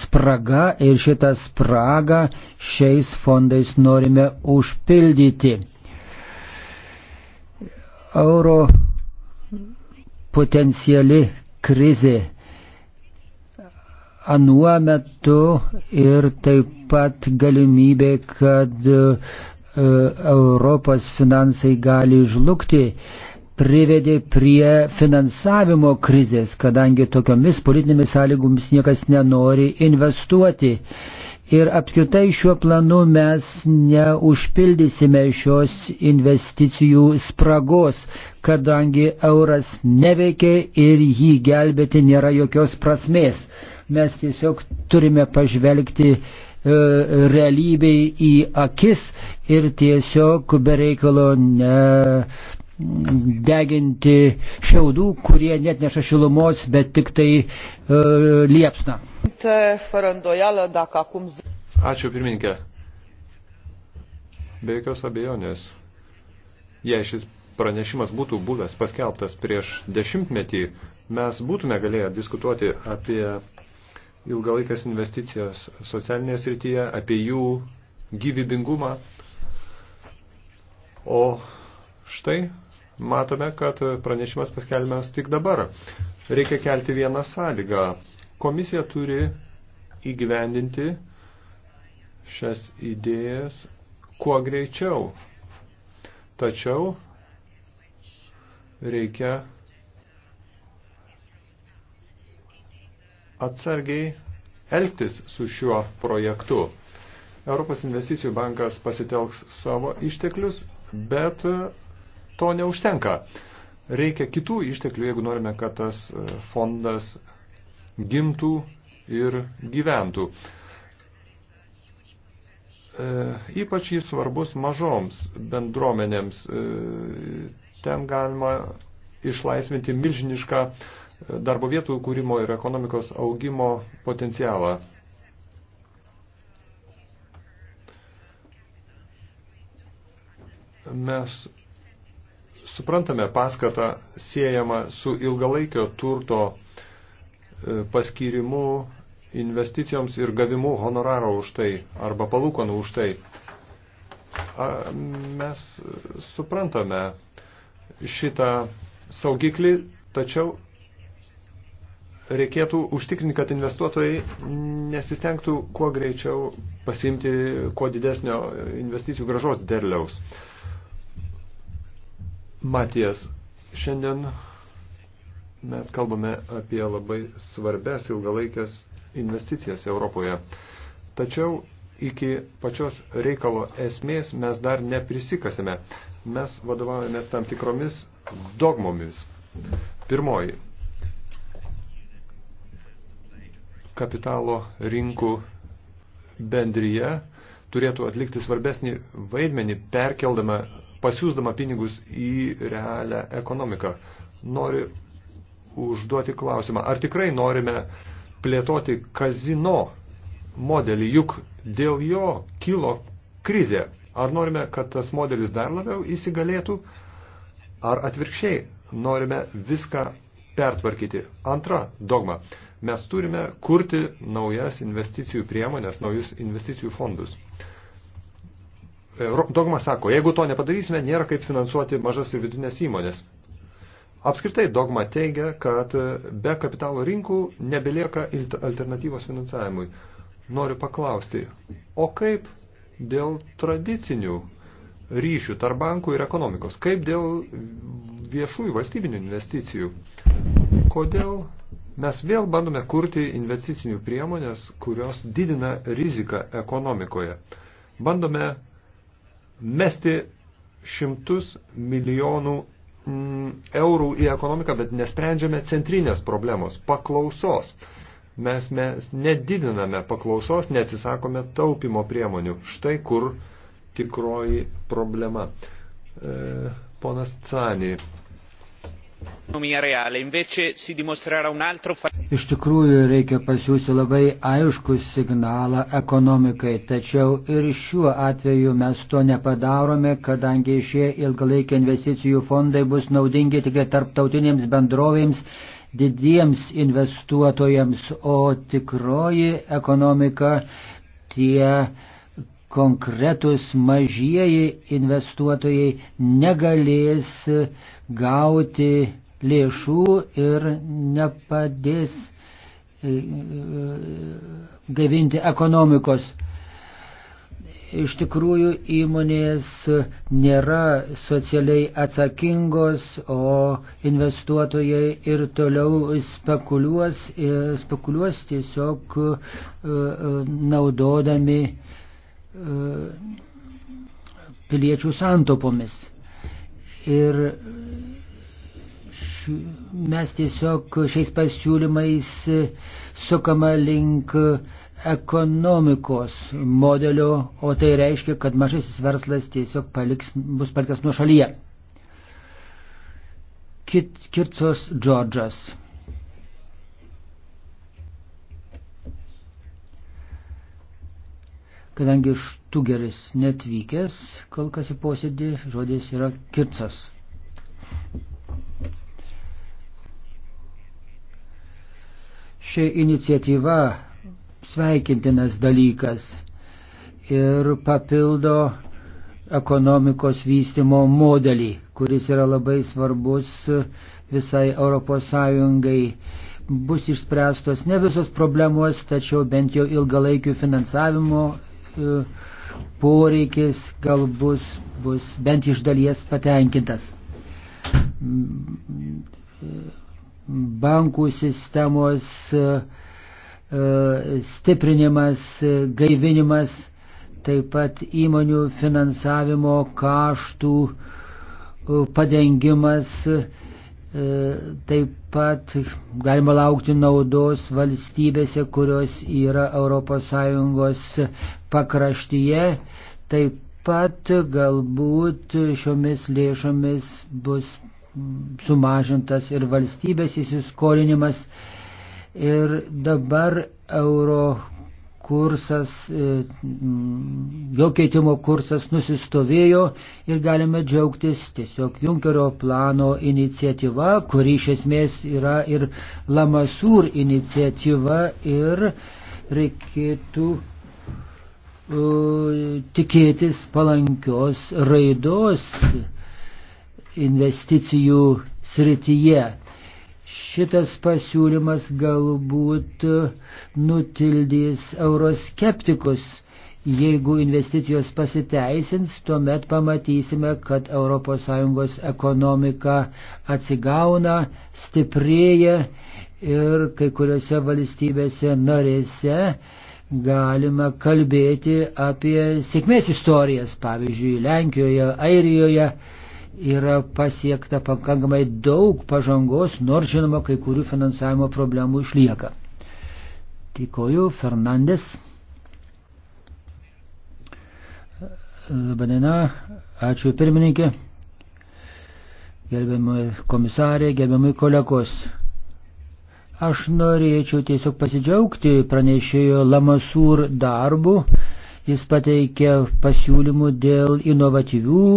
spraga ir šitą spragą šiais fondais norime užpildyti. Euro potenciali krizė anuo metu ir taip pat galimybė, kad e, Europos finansai gali žlugti, privedė prie finansavimo krizės, kadangi tokiomis politinėmis sąlygomis niekas nenori investuoti. Ir apskritai šiuo planu mes neužpildysime šios investicijų spragos, kadangi euras neveikia ir jį gelbėti nėra jokios prasmės. Mes tiesiog turime pažvelgti e, realybei į akis ir tiesiog bereikalo ne, deginti šiaudų, kurie net neša šilumos, bet tik tai e, liepsna. Ačiū pirmininkė. Be jokios abejonės, jei šis pranešimas būtų buvęs paskelbtas prieš dešimtmetį, mes būtume galėję diskutuoti apie ilgalaikės investicijas socialinėje srityje, apie jų gyvybingumą. O štai matome, kad pranešimas paskelbiamas tik dabar. Reikia kelti vieną sąlygą. Komisija turi įgyvendinti šias idėjas kuo greičiau. Tačiau reikia atsargiai elgtis su šiuo projektu. Europos investicijų bankas pasitelks savo išteklius, bet e, to neužtenka. Reikia kitų išteklių, jeigu norime, kad tas e, fondas gimtų ir gyventų. E, ypač jis svarbus mažoms bendruomenėms. E, ten galima išlaisvinti milžinišką e, darbo vietų kūrimo ir ekonomikos augimo potencialą. Mes suprantame paskatą siejama su ilgalaikio turto e, paskirimu investicijoms ir gavimu honoraro už tai arba palūkanų už tai. Mes suprantame šitą saugiklį, tačiau reikėtų užtikrinti, kad investuotojai nesistengtų kuo greičiau pasiimti kuo didesnio investicijų gražos derliaus. Matijas, šiandien mes kalbame apie labai svarbės ilgalaikės investicijas Europoje. Tačiau iki pačios reikalo esmės mes dar neprisikasime. Mes vadovaujamės tam tikromis dogmomis. Pirmoji, kapitalo rinkų bendryje turėtų atlikti svarbesnį vaidmenį, perkeldama, pasiūsdama pinigus į realią ekonomiką. Noriu užduoti klausimą, ar tikrai norime plėtoti kazino modelį, juk dėl jo kilo krizė. Ar norime, kad tas modelis dar labiau įsigalėtų, ar atvirkščiai norime viską pertvarkyti. Antra dogma. Mes turime kurti naujas investicijų priemonės, naujus investicijų fondus. Dogma sako, jeigu to nepadarysime, nėra kaip finansuoti mažas ir vidutinės įmonės. Apskritai dogma teigia, kad be kapitalo rinkų nebelieka alternatyvos finansavimui. Noriu paklausti, o kaip dėl tradicinių ryšių tarp bankų ir ekonomikos? Kaip dėl viešųjų valstybinių investicijų? Kodėl Mes vėl bandome kurti investicinių priemonės, kurios didina riziką ekonomikoje. Bandome mesti šimtus milijonų mm, eurų į ekonomiką, bet nesprendžiame centrinės problemos – paklausos. Mes, mes nedidiname paklausos, neatsisakome taupimo priemonių. Štai kur tikroji problema. E, ponas Cani Iš tikrųjų reikia pasiūsti labai aiškų signalą ekonomikai, tačiau ir šiuo atveju mes to nepadarome, kadangi šie ilgalaikiai investicijų fondai bus naudingi tik tarptautinėms bendrovėms, didiems investuotojams, o tikroji ekonomika tie konkretus mažieji investuotojai negalės gauti lėšų ir nepadės e, e, gaivinti ekonomikos. Iš tikrųjų įmonės nėra socialiai atsakingos, o investuotojai ir toliau spekuliuos, e, spekuliuos tiesiog naudodami E, piliečių santopomis. Ir ši, mes tiesiog šiais pasiūlymais sukama link ekonomikos modelio, o tai reiškia, kad mažasis verslas tiesiog paliks, bus paliktas nuo šalyje. Kit, Kirtsos Džordžas. Kadangi Štugeris netvykęs, kol kas į posėdį žodis yra kircas. Ši iniciatyva sveikintinas dalykas ir papildo ekonomikos vystimo modelį, kuris yra labai svarbus visai ES. Bus išspręstos ne visos problemos, tačiau bent jau ilgalaikių finansavimo E, poreikis gal bus, bus bent iš dalies patenkintas. Bankų sistemos e, e, stiprinimas, gaivinimas, taip pat įmonių finansavimo kaštų padengimas E, taip pat galima laukti naudos valstybėse, kurios yra ES pakraštyje. Taip pat galbūt šiomis lėšomis bus sumažintas ir valstybės įsiskolinimas. Ir dabar euro kursas, e, jo keitimo kursas nusistovėjo ir galime džiaugtis tiesiog Junkerio plano iniciatyva, kuri iš esmės yra ir Lamasūr iniciatyva ir reikėtų uh, tikėtis palankios raidos investicijų srityje. Šitas pasiūlymas galbūt nutildys euroskeptikus. Jeigu investicijos pasiteisins, tuomet pamatysime, kad ES ekonomika atsigauna, stiprėja ir kai kuriuose valstybėse narėse galima kalbėti apie sėkmės istorijas, pavyzdžiui, Lenkijoje, Airijoje, yra pasiekta pakankamai daug pažangos, nors žinoma, kai kurių finansavimo problemų išlieka. Tikoju, Fernandes. Labadiena, ačiū pirmininkė, gerbiamai komisarė, gerbiamai kolegos. Aš norėčiau tiesiog pasidžiaugti pranešėjo Lamasūr darbu. Jis pateikė pasiūlymų dėl inovatyvių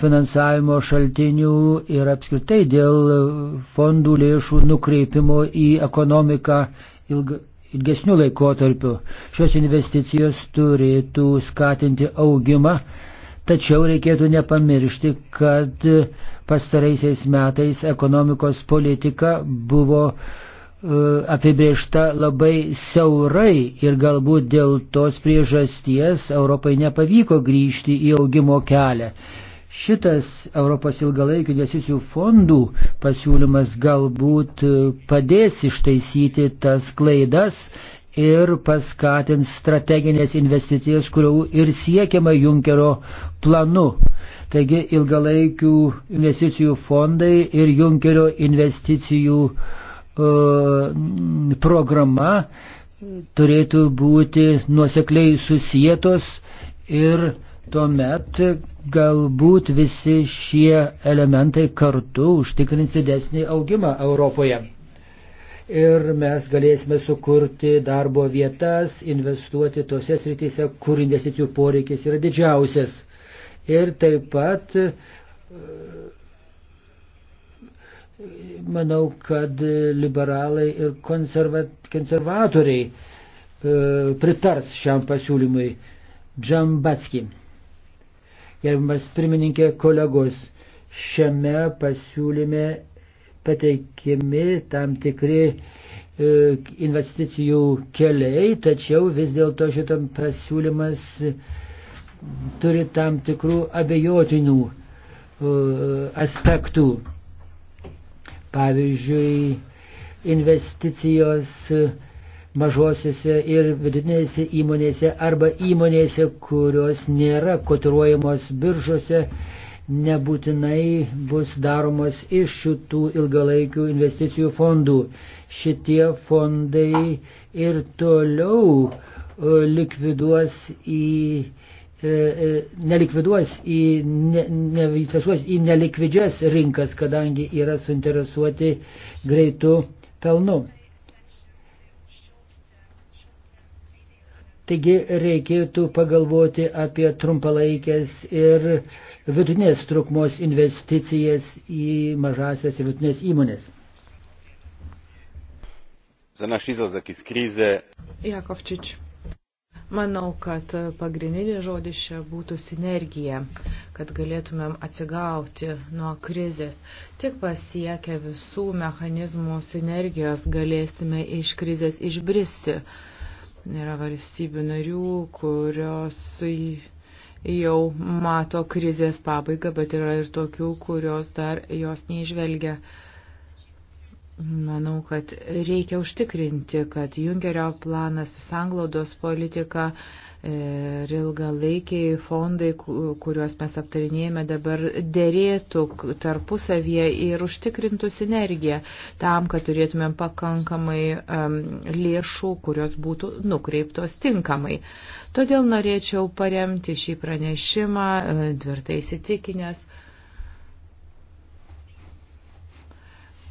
finansavimo šaltinių ir apskritai dėl fondų lėšų nukreipimo į ekonomiką ilg, ilgesnių laikotarpių. Šios investicijos turėtų skatinti augimą, tačiau reikėtų nepamiršti, kad pastaraisiais metais ekonomikos politika buvo e, apibriešta labai siaurai ir galbūt dėl tos priežasties Europai nepavyko grįžti į augimo kelią. Šitas Europos ilgalaikių investicijų fondų pasiūlymas galbūt padės ištaisyti tas klaidas ir paskatins strateginės investicijas, kurių ir siekiama Junkerio planu. Taigi ilgalaikių investicijų fondai ir Junkerio investicijų uh, programa turėtų būti nuosekliai susijėtos ir tuomet galbūt visi šie elementai kartu užtikrins didesnį augimą Europoje. Ir mes galėsime sukurti darbo vietas, investuoti tose srityse, kur investicijų poreikis yra didžiausias. Ir taip pat, manau, kad liberalai ir konserva konservatoriai e, pritars šiam pasiūlymui. Džambatski. Gerbimas pirmininkė, kolegos, šiame pasiūlyme pateikiami tam tikri e, investicijų keliai, tačiau vis dėlto šitam pasiūlymas turi tam tikrų abejotinų e, aspektų. Pavyzdžiui, investicijos mažosiuose ir vidutinėse įmonėse arba įmonėse, kurios nėra kotiruojamos biržose, nebūtinai bus daromos iš šitų ilgalaikių investicijų fondų. Šitie fondai ir toliau e, likviduos į e, e, nelikviduos į, ne, neinvestuos į nelikvidžias rinkas, kadangi yra suinteresuoti greitų pelnu. Taigi reikėtų pagalvoti apie trumpalaikės ir vidutinės trukmos investicijas į mažasias ir vidutinės įmonės. Za naš izlazak iz krize. Jakovčič. Manau, kad pagrindinė žodis čia būtų sinergija, kad galėtumėm atsigauti nuo krizės. Tik pasiekę visų mechanizmų sinergijos galėsime iš krizės išbristi. Yra valstybių narių, kurios jau mato krizės pabaigą, bet yra ir tokių, kurios dar jos neižvelgia. Manau, kad reikia užtikrinti, kad Junkerio planas, sanglaudos politika ir ilgalaikiai fondai, kuriuos mes aptarinėjame dabar, dėrėtų tarpusavyje ir užtikrintų sinergiją tam, kad turėtumėm pakankamai um, lėšų, kurios būtų nukreiptos tinkamai. Todėl norėčiau paremti šį pranešimą, e, tvirtai įsitikinęs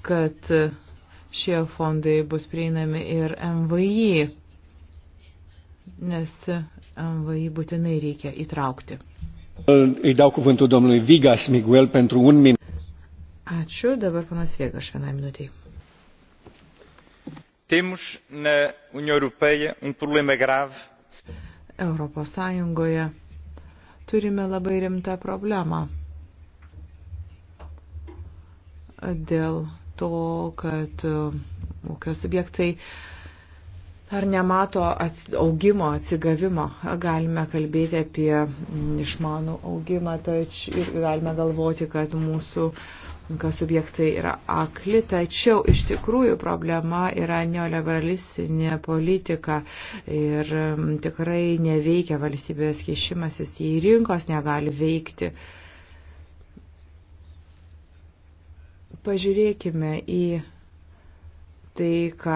kad šie fondai bus prieinami ir MVI, nes MVI būtinai reikia įtraukti. Îi dau cuvântul domnului Vigas Miguel pentru un minut. Ačiū, dabar panas Viegas vienai minutiai. Temos na União Europeia um problema grave. Europos Sąjungoje turime labai rimtą problemą dėl to, kad e, ūkio subjektai ar nemato augimo, atsigavimo. Galime kalbėti apie mm, išmanų augimą, tačiau galime galvoti, kad mūsų ūkio subjektai yra akli, tačiau iš tikrųjų problema yra neoliberalistinė politika ir mm, tikrai neveikia valstybės kišimasis į rinkos, negali veikti. Pažiūrėkime į tai, ką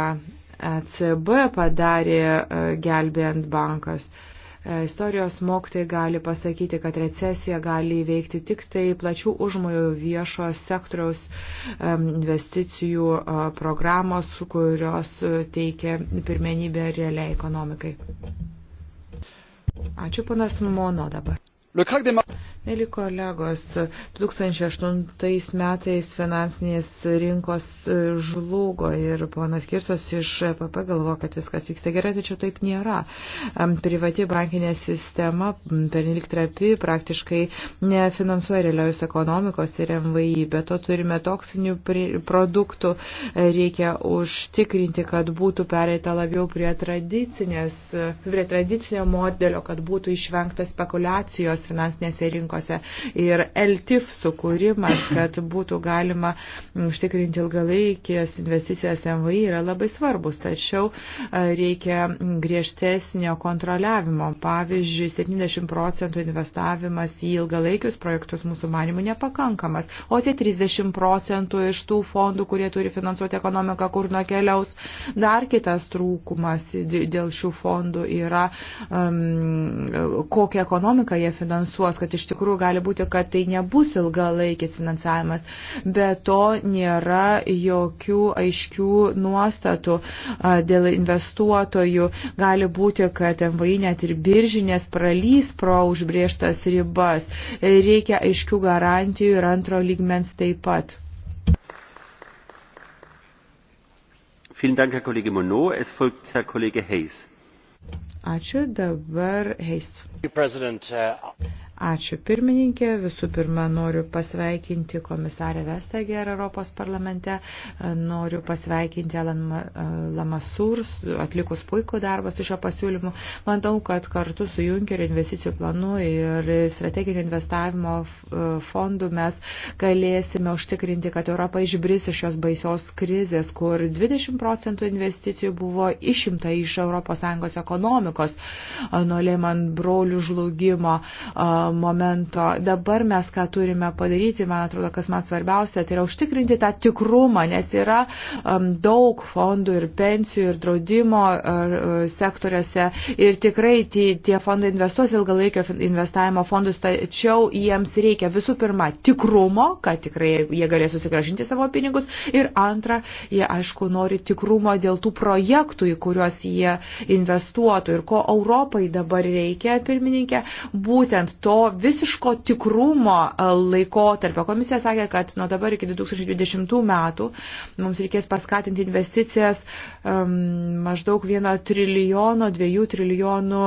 ECB padarė e, gelbėjant bankas. E, istorijos mokytojai gali pasakyti, kad recesija gali įveikti tik tai plačių užmojų viešo sektoriaus e, investicijų programos, kurios teikia pirmenybę realiai ekonomikai. Ačiū panas Mono dabar. Mėly kolegos, 2008 metais finansinės rinkos e, žlugo ir ponas Kirsos iš e PP galvo, kad viskas vyksta gerai, tačiau taip nėra. Privati bankinė sistema pernelik trapi praktiškai nefinansuoja realiaus ekonomikos ir MVI, bet to turime toksinių produktų, e, reikia užtikrinti, kad būtų pereita labiau prie, prie tradicinio modelio, kad būtų išvengta spekulacijos finansinėse rinkose rinkose. Ir LTIF sukūrimas, kad būtų galima užtikrinti ilgalaikės investicijas MVI yra labai svarbus, tačiau e, reikia griežtesnio kontroliavimo. Pavyzdžiui, 70 procentų investavimas į ilgalaikius projektus mūsų manimų nepakankamas, o tie 30 procentų iš tų fondų, kurie turi finansuoti ekonomiką, kur nukeliaus. Dar kitas trūkumas dėl šių fondų yra, um, kokią ekonomiką jie finansuos, kad iš tikrųjų tikrųjų gali būti, kad tai nebus ilgalaikis finansavimas, bet to nėra jokių aiškių nuostatų dėl investuotojų. Gali būti, kad MVI net ir biržinės pralys pro užbrieštas ribas. Reikia aiškių garantijų ir antro lygmens taip pat. Dank, Herr Kollege Monod. Es folgt Herr Kollege Hayes. Ačiū dabar Heis. Ačiū pirmininkė. Visų pirma, noriu pasveikinti komisarę Vestager Europos parlamente. Noriu pasveikinti Alan Lamasur, atlikus puikų darbą su šio pasiūlymu. Manau, kad kartu su Junkerio investicijų planu ir strateginio investavimo fondu mes galėsime užtikrinti, kad Europa išbris iš šios baisios krizės, kur 20 procentų investicijų buvo išimta iš ES ekonomikos nuo Lehman brolių žlugimo. Uh, momento. Dabar mes ką turime padaryti, man atrodo, kas man svarbiausia, tai yra užtikrinti tą tikrumą, nes yra um, daug fondų ir pensijų ir draudimo uh, sektoriuose ir tikrai tie, tie fondai investuos ilgalaikio investavimo fondus, tačiau jiems reikia visų pirma tikrumo, kad tikrai jie galės susigražinti savo pinigus ir antra, jie aišku nori tikrumo dėl tų projektų, į kuriuos jie investuotų ir ko Europai dabar reikia, pirmininkė, būtent to to visiško tikrumo e, laikotarpio. Komisija sakė, kad nuo dabar iki 2020 metų mums reikės paskatinti investicijas um, maždaug 1 trilijono, 2 trilijonų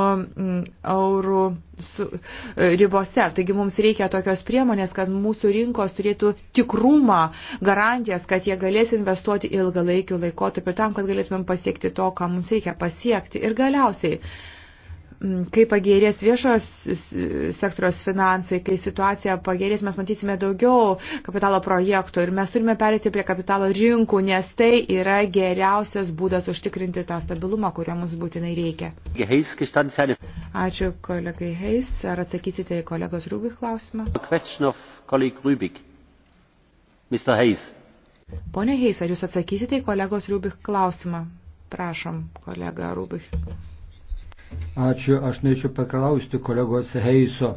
eurų su, e, ribose. Taigi mums reikia tokios priemonės, kad mūsų rinkos turėtų tikrumą, garantijas, kad jie galės investuoti ilgalaikių laikotarpių tam, kad galėtumėm pasiekti to, ką mums reikia pasiekti. Ir galiausiai kai pagerės viešos sektoriaus finansai, kai situacija pagerės, mes matysime daugiau kapitalo projektų ir mes turime perėti prie kapitalo rinkų, nes tai yra geriausias būdas užtikrinti tą stabilumą, kurio mums būtinai reikia. Ačiū kolegai Heis. Ar atsakysite į kolegos Rubik klausimą? Heis. Pone Heis, ar jūs atsakysite į kolegos Rubik klausimą? Prašom, kolega Rubik. Ačiū, aš norėčiau paklausti kolegos Heiso.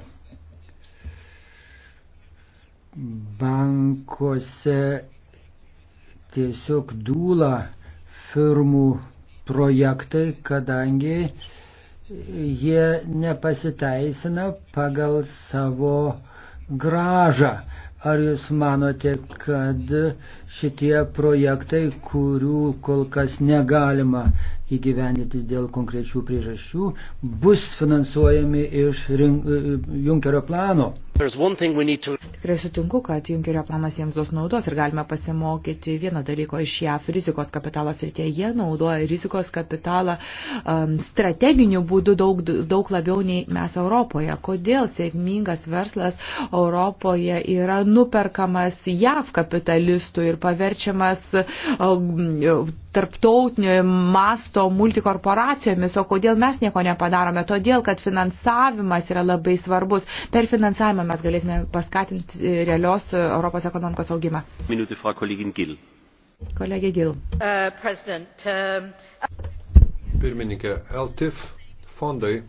Bankuose tiesiog dūla firmų projektai, kadangi jie nepasiteisina pagal savo gražą. Ar jūs manote, kad šitie projektai, kurių kol kas negalima įgyvendinti dėl konkrečių priežasčių, bus finansuojami iš e, Junkerio plano. Tikrai sutinku, kad Junkerio planas jiems duos naudos ir galime pasimokyti vieną dalyko iš JAF rizikos kapitalo srityje. Jie naudoja rizikos kapitalą um, strateginiu būdu daug, daug labiau nei mes Europoje. Kodėl sėkmingas verslas Europoje yra nuperkamas JAF kapitalistų ir paverčiamas um, tarptautinio masto multikorporacijomis, o kodėl mes nieko nepadarome? Todėl, kad finansavimas yra labai svarbus. Per finansavimą žinoma, mes galėsime paskatinti e, realios e, Europos ekonomikos augimą. Minutė, fra kolegin Gil. Kolegė Gil. Uh, uh... Pirmininkė, LTIF fondai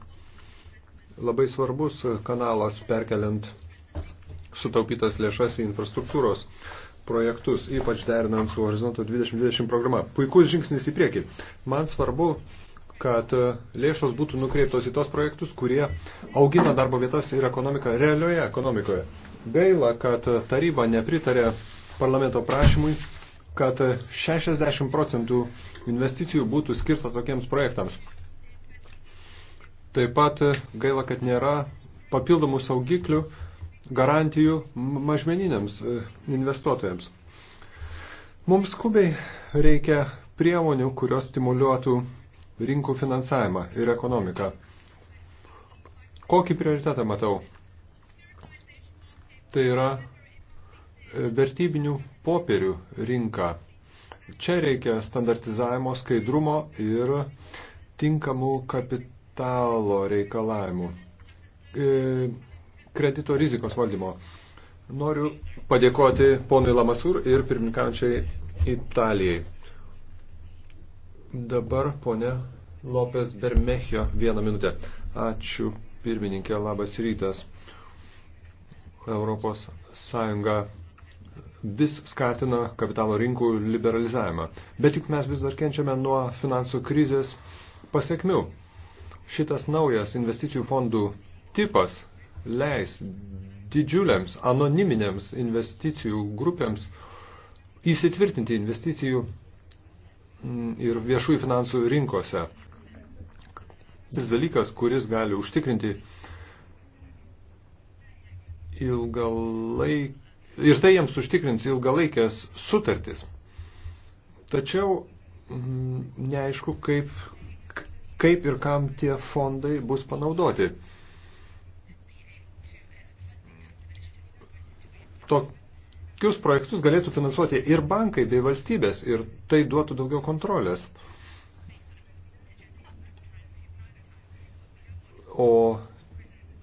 labai svarbus kanalas perkeliant sutaupytas lėšas į infrastruktūros projektus, ypač derinant su Horizonto 2020 programa. Puikus žingsnis į priekį. Man svarbu, uh, kad e, lėšos būtų nukreiptos į tos projektus, kurie augina darbo vietas ir ekonomiką realioje ekonomikoje. Gaila, kad e, taryba nepritarė parlamento prašymui, kad 60 e, procentų investicijų būtų skirta tokiems projektams. Taip pat gaila, kad nėra papildomų saugiklių garantijų mažmeniniams investuotojams. Mums skubiai reikia priemonių, kurios stimuliuotų rinkų finansavimą ir ekonomiką. Kokį prioritetą matau? Tai yra e, vertybinių popierių rinka. Čia reikia standartizavimo, skaidrumo ir tinkamų kapitalo reikalavimų, e, kredito rizikos valdymo. Noriu padėkoti ponui Lamasur ir pirmininkaujančiai Italijai. Dabar ponė Lopes Bermechio vieną minutę. Ačiū pirmininkė, labas rytas. Europos Sąjunga vis skatina kapitalo rinkų liberalizavimą. Bet juk mes vis dar kenčiame nuo finansų krizės pasiekmių. Šitas naujas investicijų fondų tipas leis didžiuliams anoniminėms investicijų grupėms įsitvirtinti investicijų Mm, ir viešųjų finansų rinkose. Tas dalykas, kuris gali užtikrinti ilgalaik... ir tai jiems užtikrins ilgalaikės sutartis. Tačiau mm, neaišku, kaip, kaip ir kam tie fondai bus panaudoti. Tok, tokius projektus galėtų finansuoti ir bankai bei valstybės ir tai duotų daugiau kontrolės. O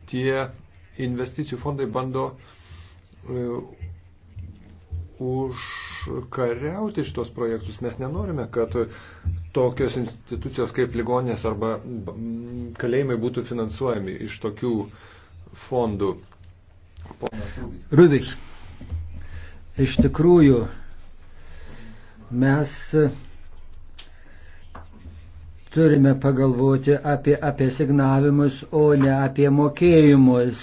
tie investicijų fondai bando e, užkariauti šitos projektus. Mes nenorime, kad tokios institucijos kaip ligonės arba kalėjimai būtų finansuojami iš tokių fondų. Rubik. Iš tikrųjų, mes turime pagalvoti apie, apie signavimus, o ne apie mokėjimus.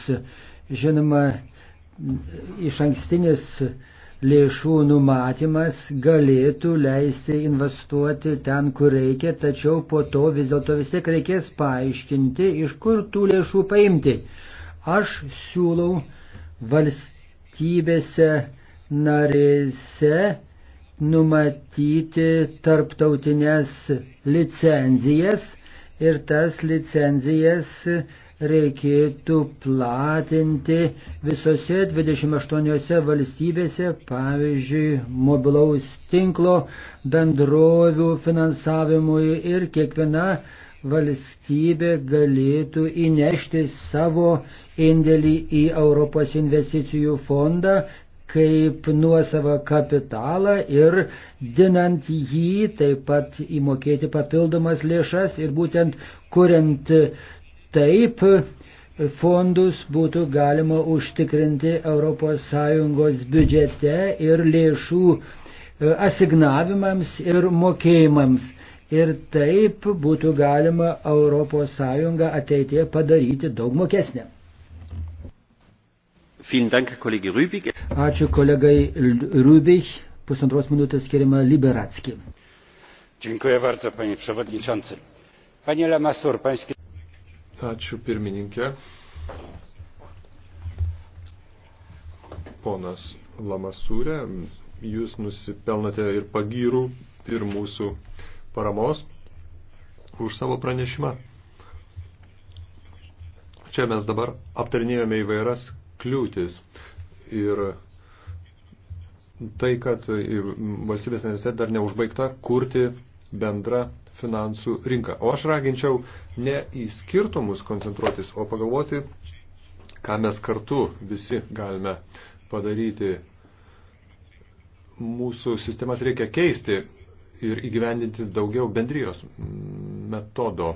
Žinoma, iš ankstinis lėšų numatymas galėtų leisti investuoti ten, kur reikia, tačiau po to vis dėlto vis tiek reikės paaiškinti, iš kur tų lėšų paimti. Aš siūlau valstybėse narėse numatyti tarptautinės licenzijas ir tas licenzijas reikėtų platinti visose 28 valstybėse, pavyzdžiui, mobilaus tinklo bendrovių finansavimui ir kiekviena valstybė galėtų įnešti savo indėlį į Europos investicijų fondą, kaip nuosavą kapitalą ir dinant jį taip pat įmokėti papildomas lėšas ir būtent kuriant taip fondus būtų galima užtikrinti ES biudžete ir lėšų e, asignavimams ir mokėjimams. Ir taip būtų galima ES ateitie padaryti daug mokesnė. Ačiū kolegai Rubik. Pusantros minutės skiriama Liberatski. Dziękuję bardzo, panie przewodniczący. Panie Lamassur, pańskie... Ačiū pirmininkė. Ponas Lamasūrė, jūs nusipelnote ir pagyrų, ir mūsų paramos už savo pranešimą. Čia mes dabar aptarinėjome įvairias kliūtis. Ir tai, kad valstybės narėse dar neužbaigta kurti bendrą finansų rinką. O aš raginčiau ne į skirtumus koncentruotis, o pagalvoti, ką mes kartu visi galime padaryti. Mūsų sistemas reikia keisti ir įgyvendinti daugiau bendrijos metodo.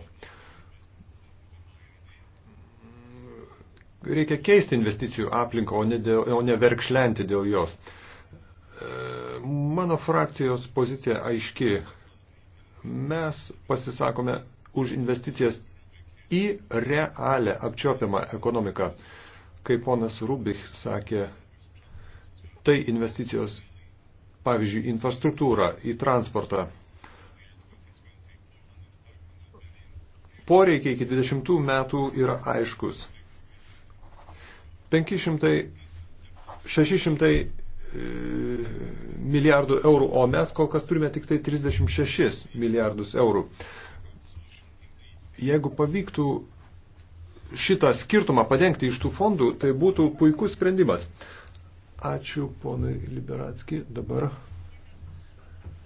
reikia keisti investicijų aplinką, o ne, dėl, o ne verkšlenti dėl jos. E, mano frakcijos pozicija aiški. Mes pasisakome už investicijas į realią apčiopiamą ekonomiką. Kaip ponas Rubik sakė, tai investicijos, pavyzdžiui, infrastruktūrą, į transportą. Poreikiai iki 20 metų yra aiškus 500, 600 e, milijardų eurų, o mes kol kas turime tik tai 36 milijardus eurų. Jeigu pavyktų šitą skirtumą padengti iš tų fondų, tai būtų puikus sprendimas. Ačiū ponui Liberatski. Dabar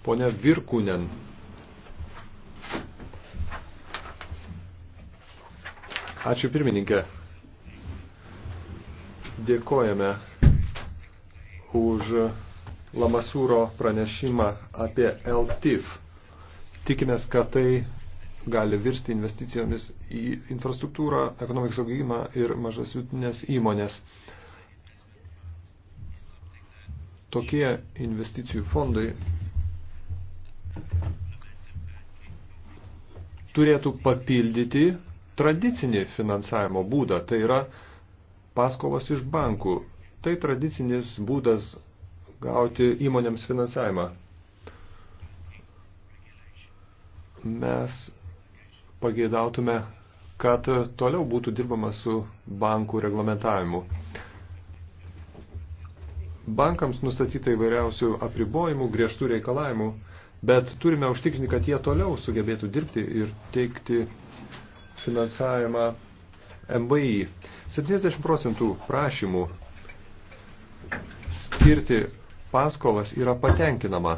ponia Virkunen. Ačiū pirmininkė. Dėkojame už Lamasūro pranešimą apie LTIF. Tikimės, kad tai gali virsti investicijomis į infrastruktūrą, ekonomikos augimą ir mažas jūtinės įmonės. Tokie investicijų fondai turėtų papildyti tradicinį finansavimo būdą, tai yra paskolas iš bankų. Tai tradicinis būdas gauti įmonėms finansavimą. Mes pageidautume, kad toliau būtų dirbama su bankų reglamentavimu. Bankams nustatyta įvairiausių apribojimų, griežtų reikalavimų, bet turime užtikrinti, kad jie toliau sugebėtų dirbti ir teikti finansavimą MVI. 70 procentų prašymų skirti paskolas yra patenkinama.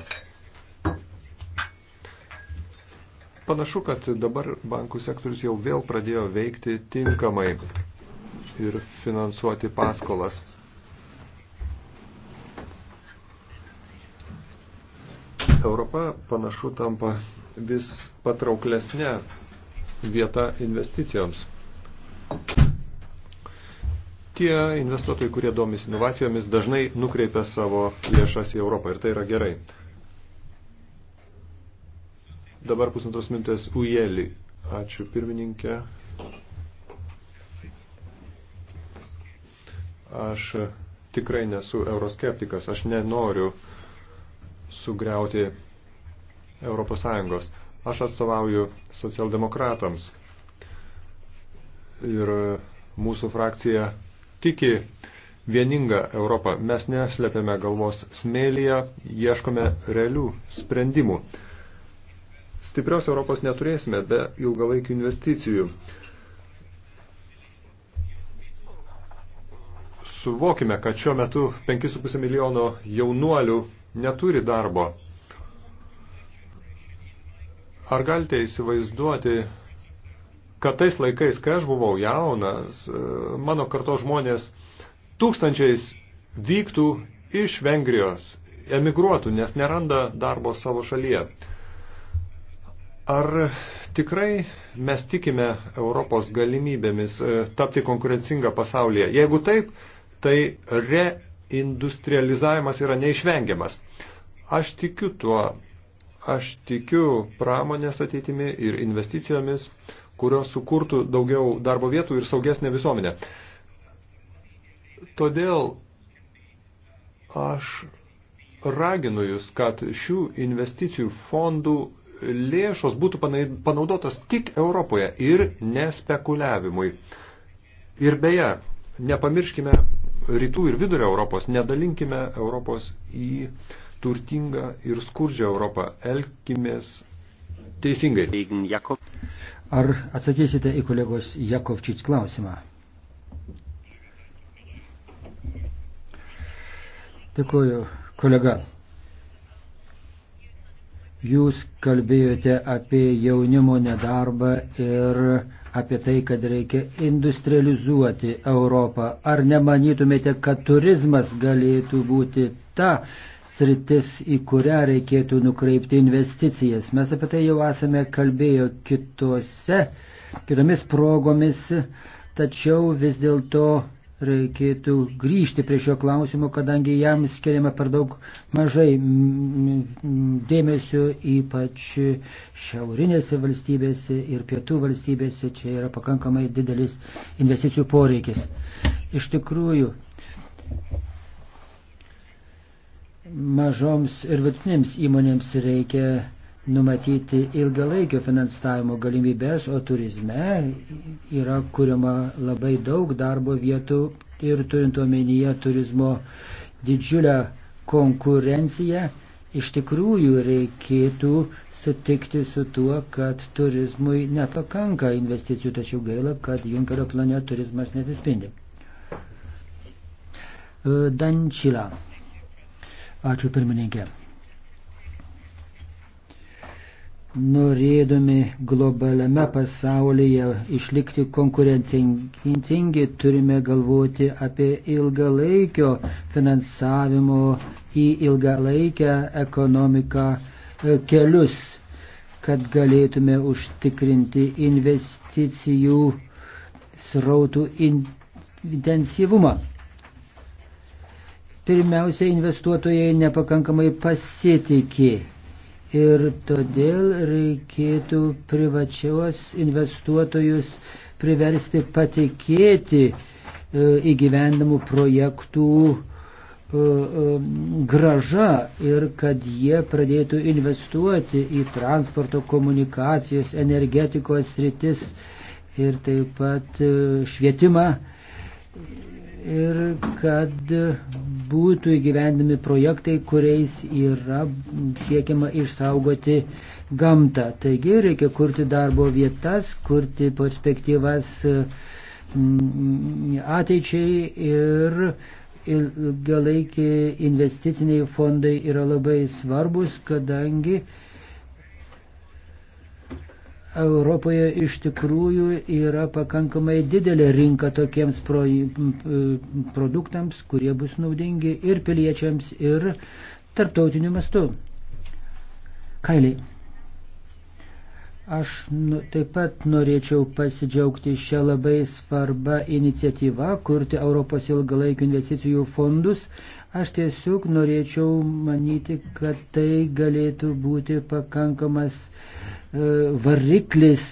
Panašu, kad dabar bankų sektorius jau vėl pradėjo veikti tinkamai ir finansuoti paskolas. Europa panašu tampa vis patrauklesnė vieta investicijoms tie investuotojai, kurie domis inovacijomis, dažnai nukreipia savo lėšas į Europą ir tai yra gerai. Dabar pusantros mintės Ujeli. Ačiū pirmininkė. Aš tikrai nesu euroskeptikas, aš nenoriu sugriauti Europos Sąjungos. Aš atstovauju socialdemokratams ir mūsų frakcija tiki vieningą Europą. Mes neslepiame galvos smėlyje, ieškome realių sprendimų. Stiprios Europos neturėsime be ilgalaikių investicijų. Suvokime, kad šiuo metu 5,5 milijono jaunuolių neturi darbo. Ar galite įsivaizduoti kad tais laikais, kai aš buvau jaunas, e, mano karto žmonės tūkstančiais vyktų iš Vengrijos, emigruotų, nes neranda darbo savo šalyje. Ar tikrai mes tikime Europos galimybėmis e, tapti konkurencingą pasaulyje? Jeigu taip, tai reindustrializavimas yra neišvengiamas. Aš tikiu tuo, aš tikiu pramonės ateitimi ir investicijomis kurios sukurtų daugiau darbo vietų ir saugesnę visuomenę. Todėl aš raginu Jūs, kad šių investicijų fondų lėšos būtų panaudotos tik Europoje ir nespekuliavimui. Ir beje, nepamirškime rytų ir vidurio Europos, nedalinkime Europos į turtingą ir skurdžią Europą, elkimės teisingai. Ar atsakysite į kolegos Jakovčič klausimą? Dėkuoju, kolega. Jūs kalbėjote apie jaunimo nedarbą ir apie tai, kad reikia industrializuoti Europą. Ar nemanytumėte, kad turizmas galėtų būti ta sritis, į kurią reikėtų nukreipti investicijas. Mes apie tai jau esame kalbėjo kitose, kitomis progomis, tačiau vis dėlto reikėtų grįžti prie šio klausimo, kadangi jam skiriama per daug mažai dėmesio, ypač šiaurinėse valstybėse ir pietų valstybėse, čia yra pakankamai didelis investicijų poreikis. Iš tikrųjų, mažoms ir vidutinėms įmonėms reikia numatyti ilgalaikio finansavimo galimybės, o turizme yra kuriama labai daug darbo vietų ir turint omenyje turizmo didžiulę konkurenciją, iš tikrųjų reikėtų sutikti su tuo, kad turizmui nepakanka investicijų, tačiau gaila, kad Junkerio plane turizmas nesispindi. E, Dančila. Ačiū pirmininkė. Norėdami globaliame pasaulyje išlikti konkurencingi, turime galvoti apie ilgalaikio finansavimo į ilgalaikę ekonomiką e, kelius, kad galėtume užtikrinti investicijų srautų intensyvumą. Pirmiausia, investuotojai nepakankamai pasitikė ir todėl reikėtų privačios investuotojus priversti patikėti e, įgyvendamų projektų e, e, graža ir kad jie pradėtų investuoti į transporto, komunikacijos, energetikos sritis ir taip pat švietimą ir kad būtų įgyvendami projektai, kuriais yra siekiama išsaugoti gamtą. Taigi reikia kurti darbo vietas, kurti perspektyvas mm, ateičiai ir ilgalaikiai investiciniai fondai yra labai svarbus, kadangi Europoje iš tikrųjų yra pakankamai didelė rinka tokiems pro, produktams, kurie bus naudingi ir piliečiams, ir tarptautiniu mastu. Kailiai. Aš nu, taip pat norėčiau pasidžiaugti šią labai svarbą iniciatyvą kurti Europos ilgalaikių investicijų fondus. Aš tiesiog norėčiau manyti, kad tai galėtų būti pakankamas uh, E, variklis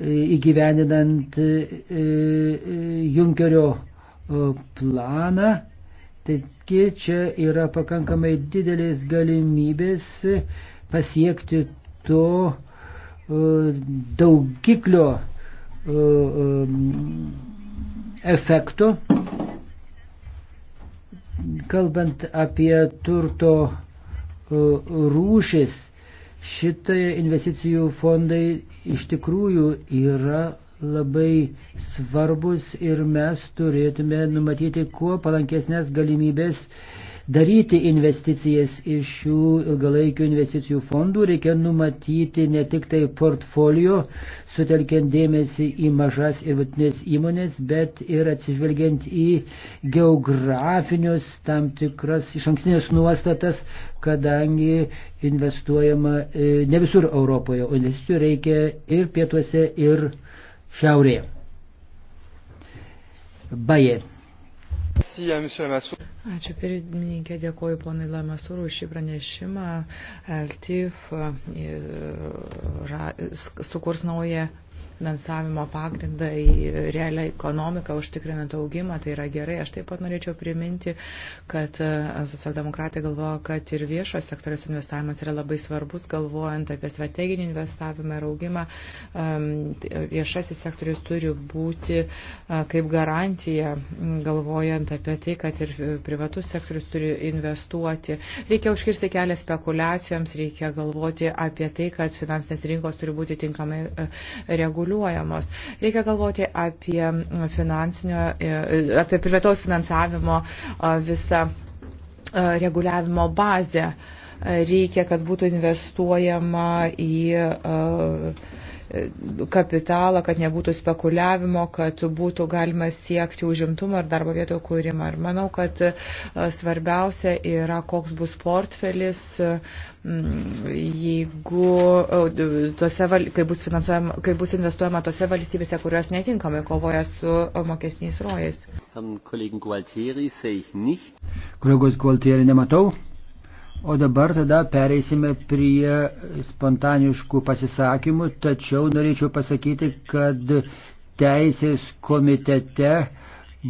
e, įgyveninant e, Junkerio planą. Taigi čia yra pakankamai didelės galimybės pasiekti to daugiklio efekto, kalbant apie turto rūšis Šitai investicijų fondai iš tikrųjų yra labai svarbus ir mes turėtume numatyti kuo palankesnės galimybės daryti investicijas iš šių ilgalaikių investicijų fondų, reikia numatyti ne tik tai portfolio, sutelkiant dėmesį į mažas ir vidutinės įmonės, bet ir atsižvelgiant į geografinius tam tikras iš ankstinės nuostatas, kadangi investuojama e, ne visur Europoje, o investicijų reikia ir pietuose, ir šiaurėje. Bayer. Ačiū pirmininkė, dėkoju ponai Lamasūrų šį pranešimą. LTIF e, sukurs naują finansavimo pagrindą į realią ekonomiką, užtikrinant augimą, tai yra gerai. Aš taip pat norėčiau priminti, kad e, socialdemokratai galvoja, kad ir viešo sektoriaus investavimas yra labai svarbus, galvojant apie strateginį investavimą ir augimą. Viešasis sektorius turi būti e, kaip garantija, galvojant apie tai, kad ir privatus sektorius turi investuoti. Reikia užkirsti kelią spekulacijoms, reikia galvoti apie tai, kad finansinės rinkos turi būti tinkamai e, reguliuojamas kontroliuojamos. Reikia galvoti apie, e, apie privataus finansavimo e, visą e, reguliavimo bazę. Reikia, kad būtų investuojama į uh, kapitalą, kad nebūtų spekuliavimo, kad būtų galima siekti užimtumą ir darbo vietų kūrimą. Ir manau, kad e, svarbiausia yra, koks bus portfelis, jeigu e, tose, kai bus, kai bus investuojama tose valstybėse, kurios netinkamai kovoja su mokesniais rojais. Kolegos Gualtieri nematau. O dabar tada pereisime prie spontaniškų pasisakymų, tačiau norėčiau pasakyti, kad teisės komitete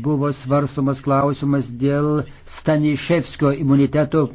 buvo svarstomas klausimas dėl Staniševskio imuniteto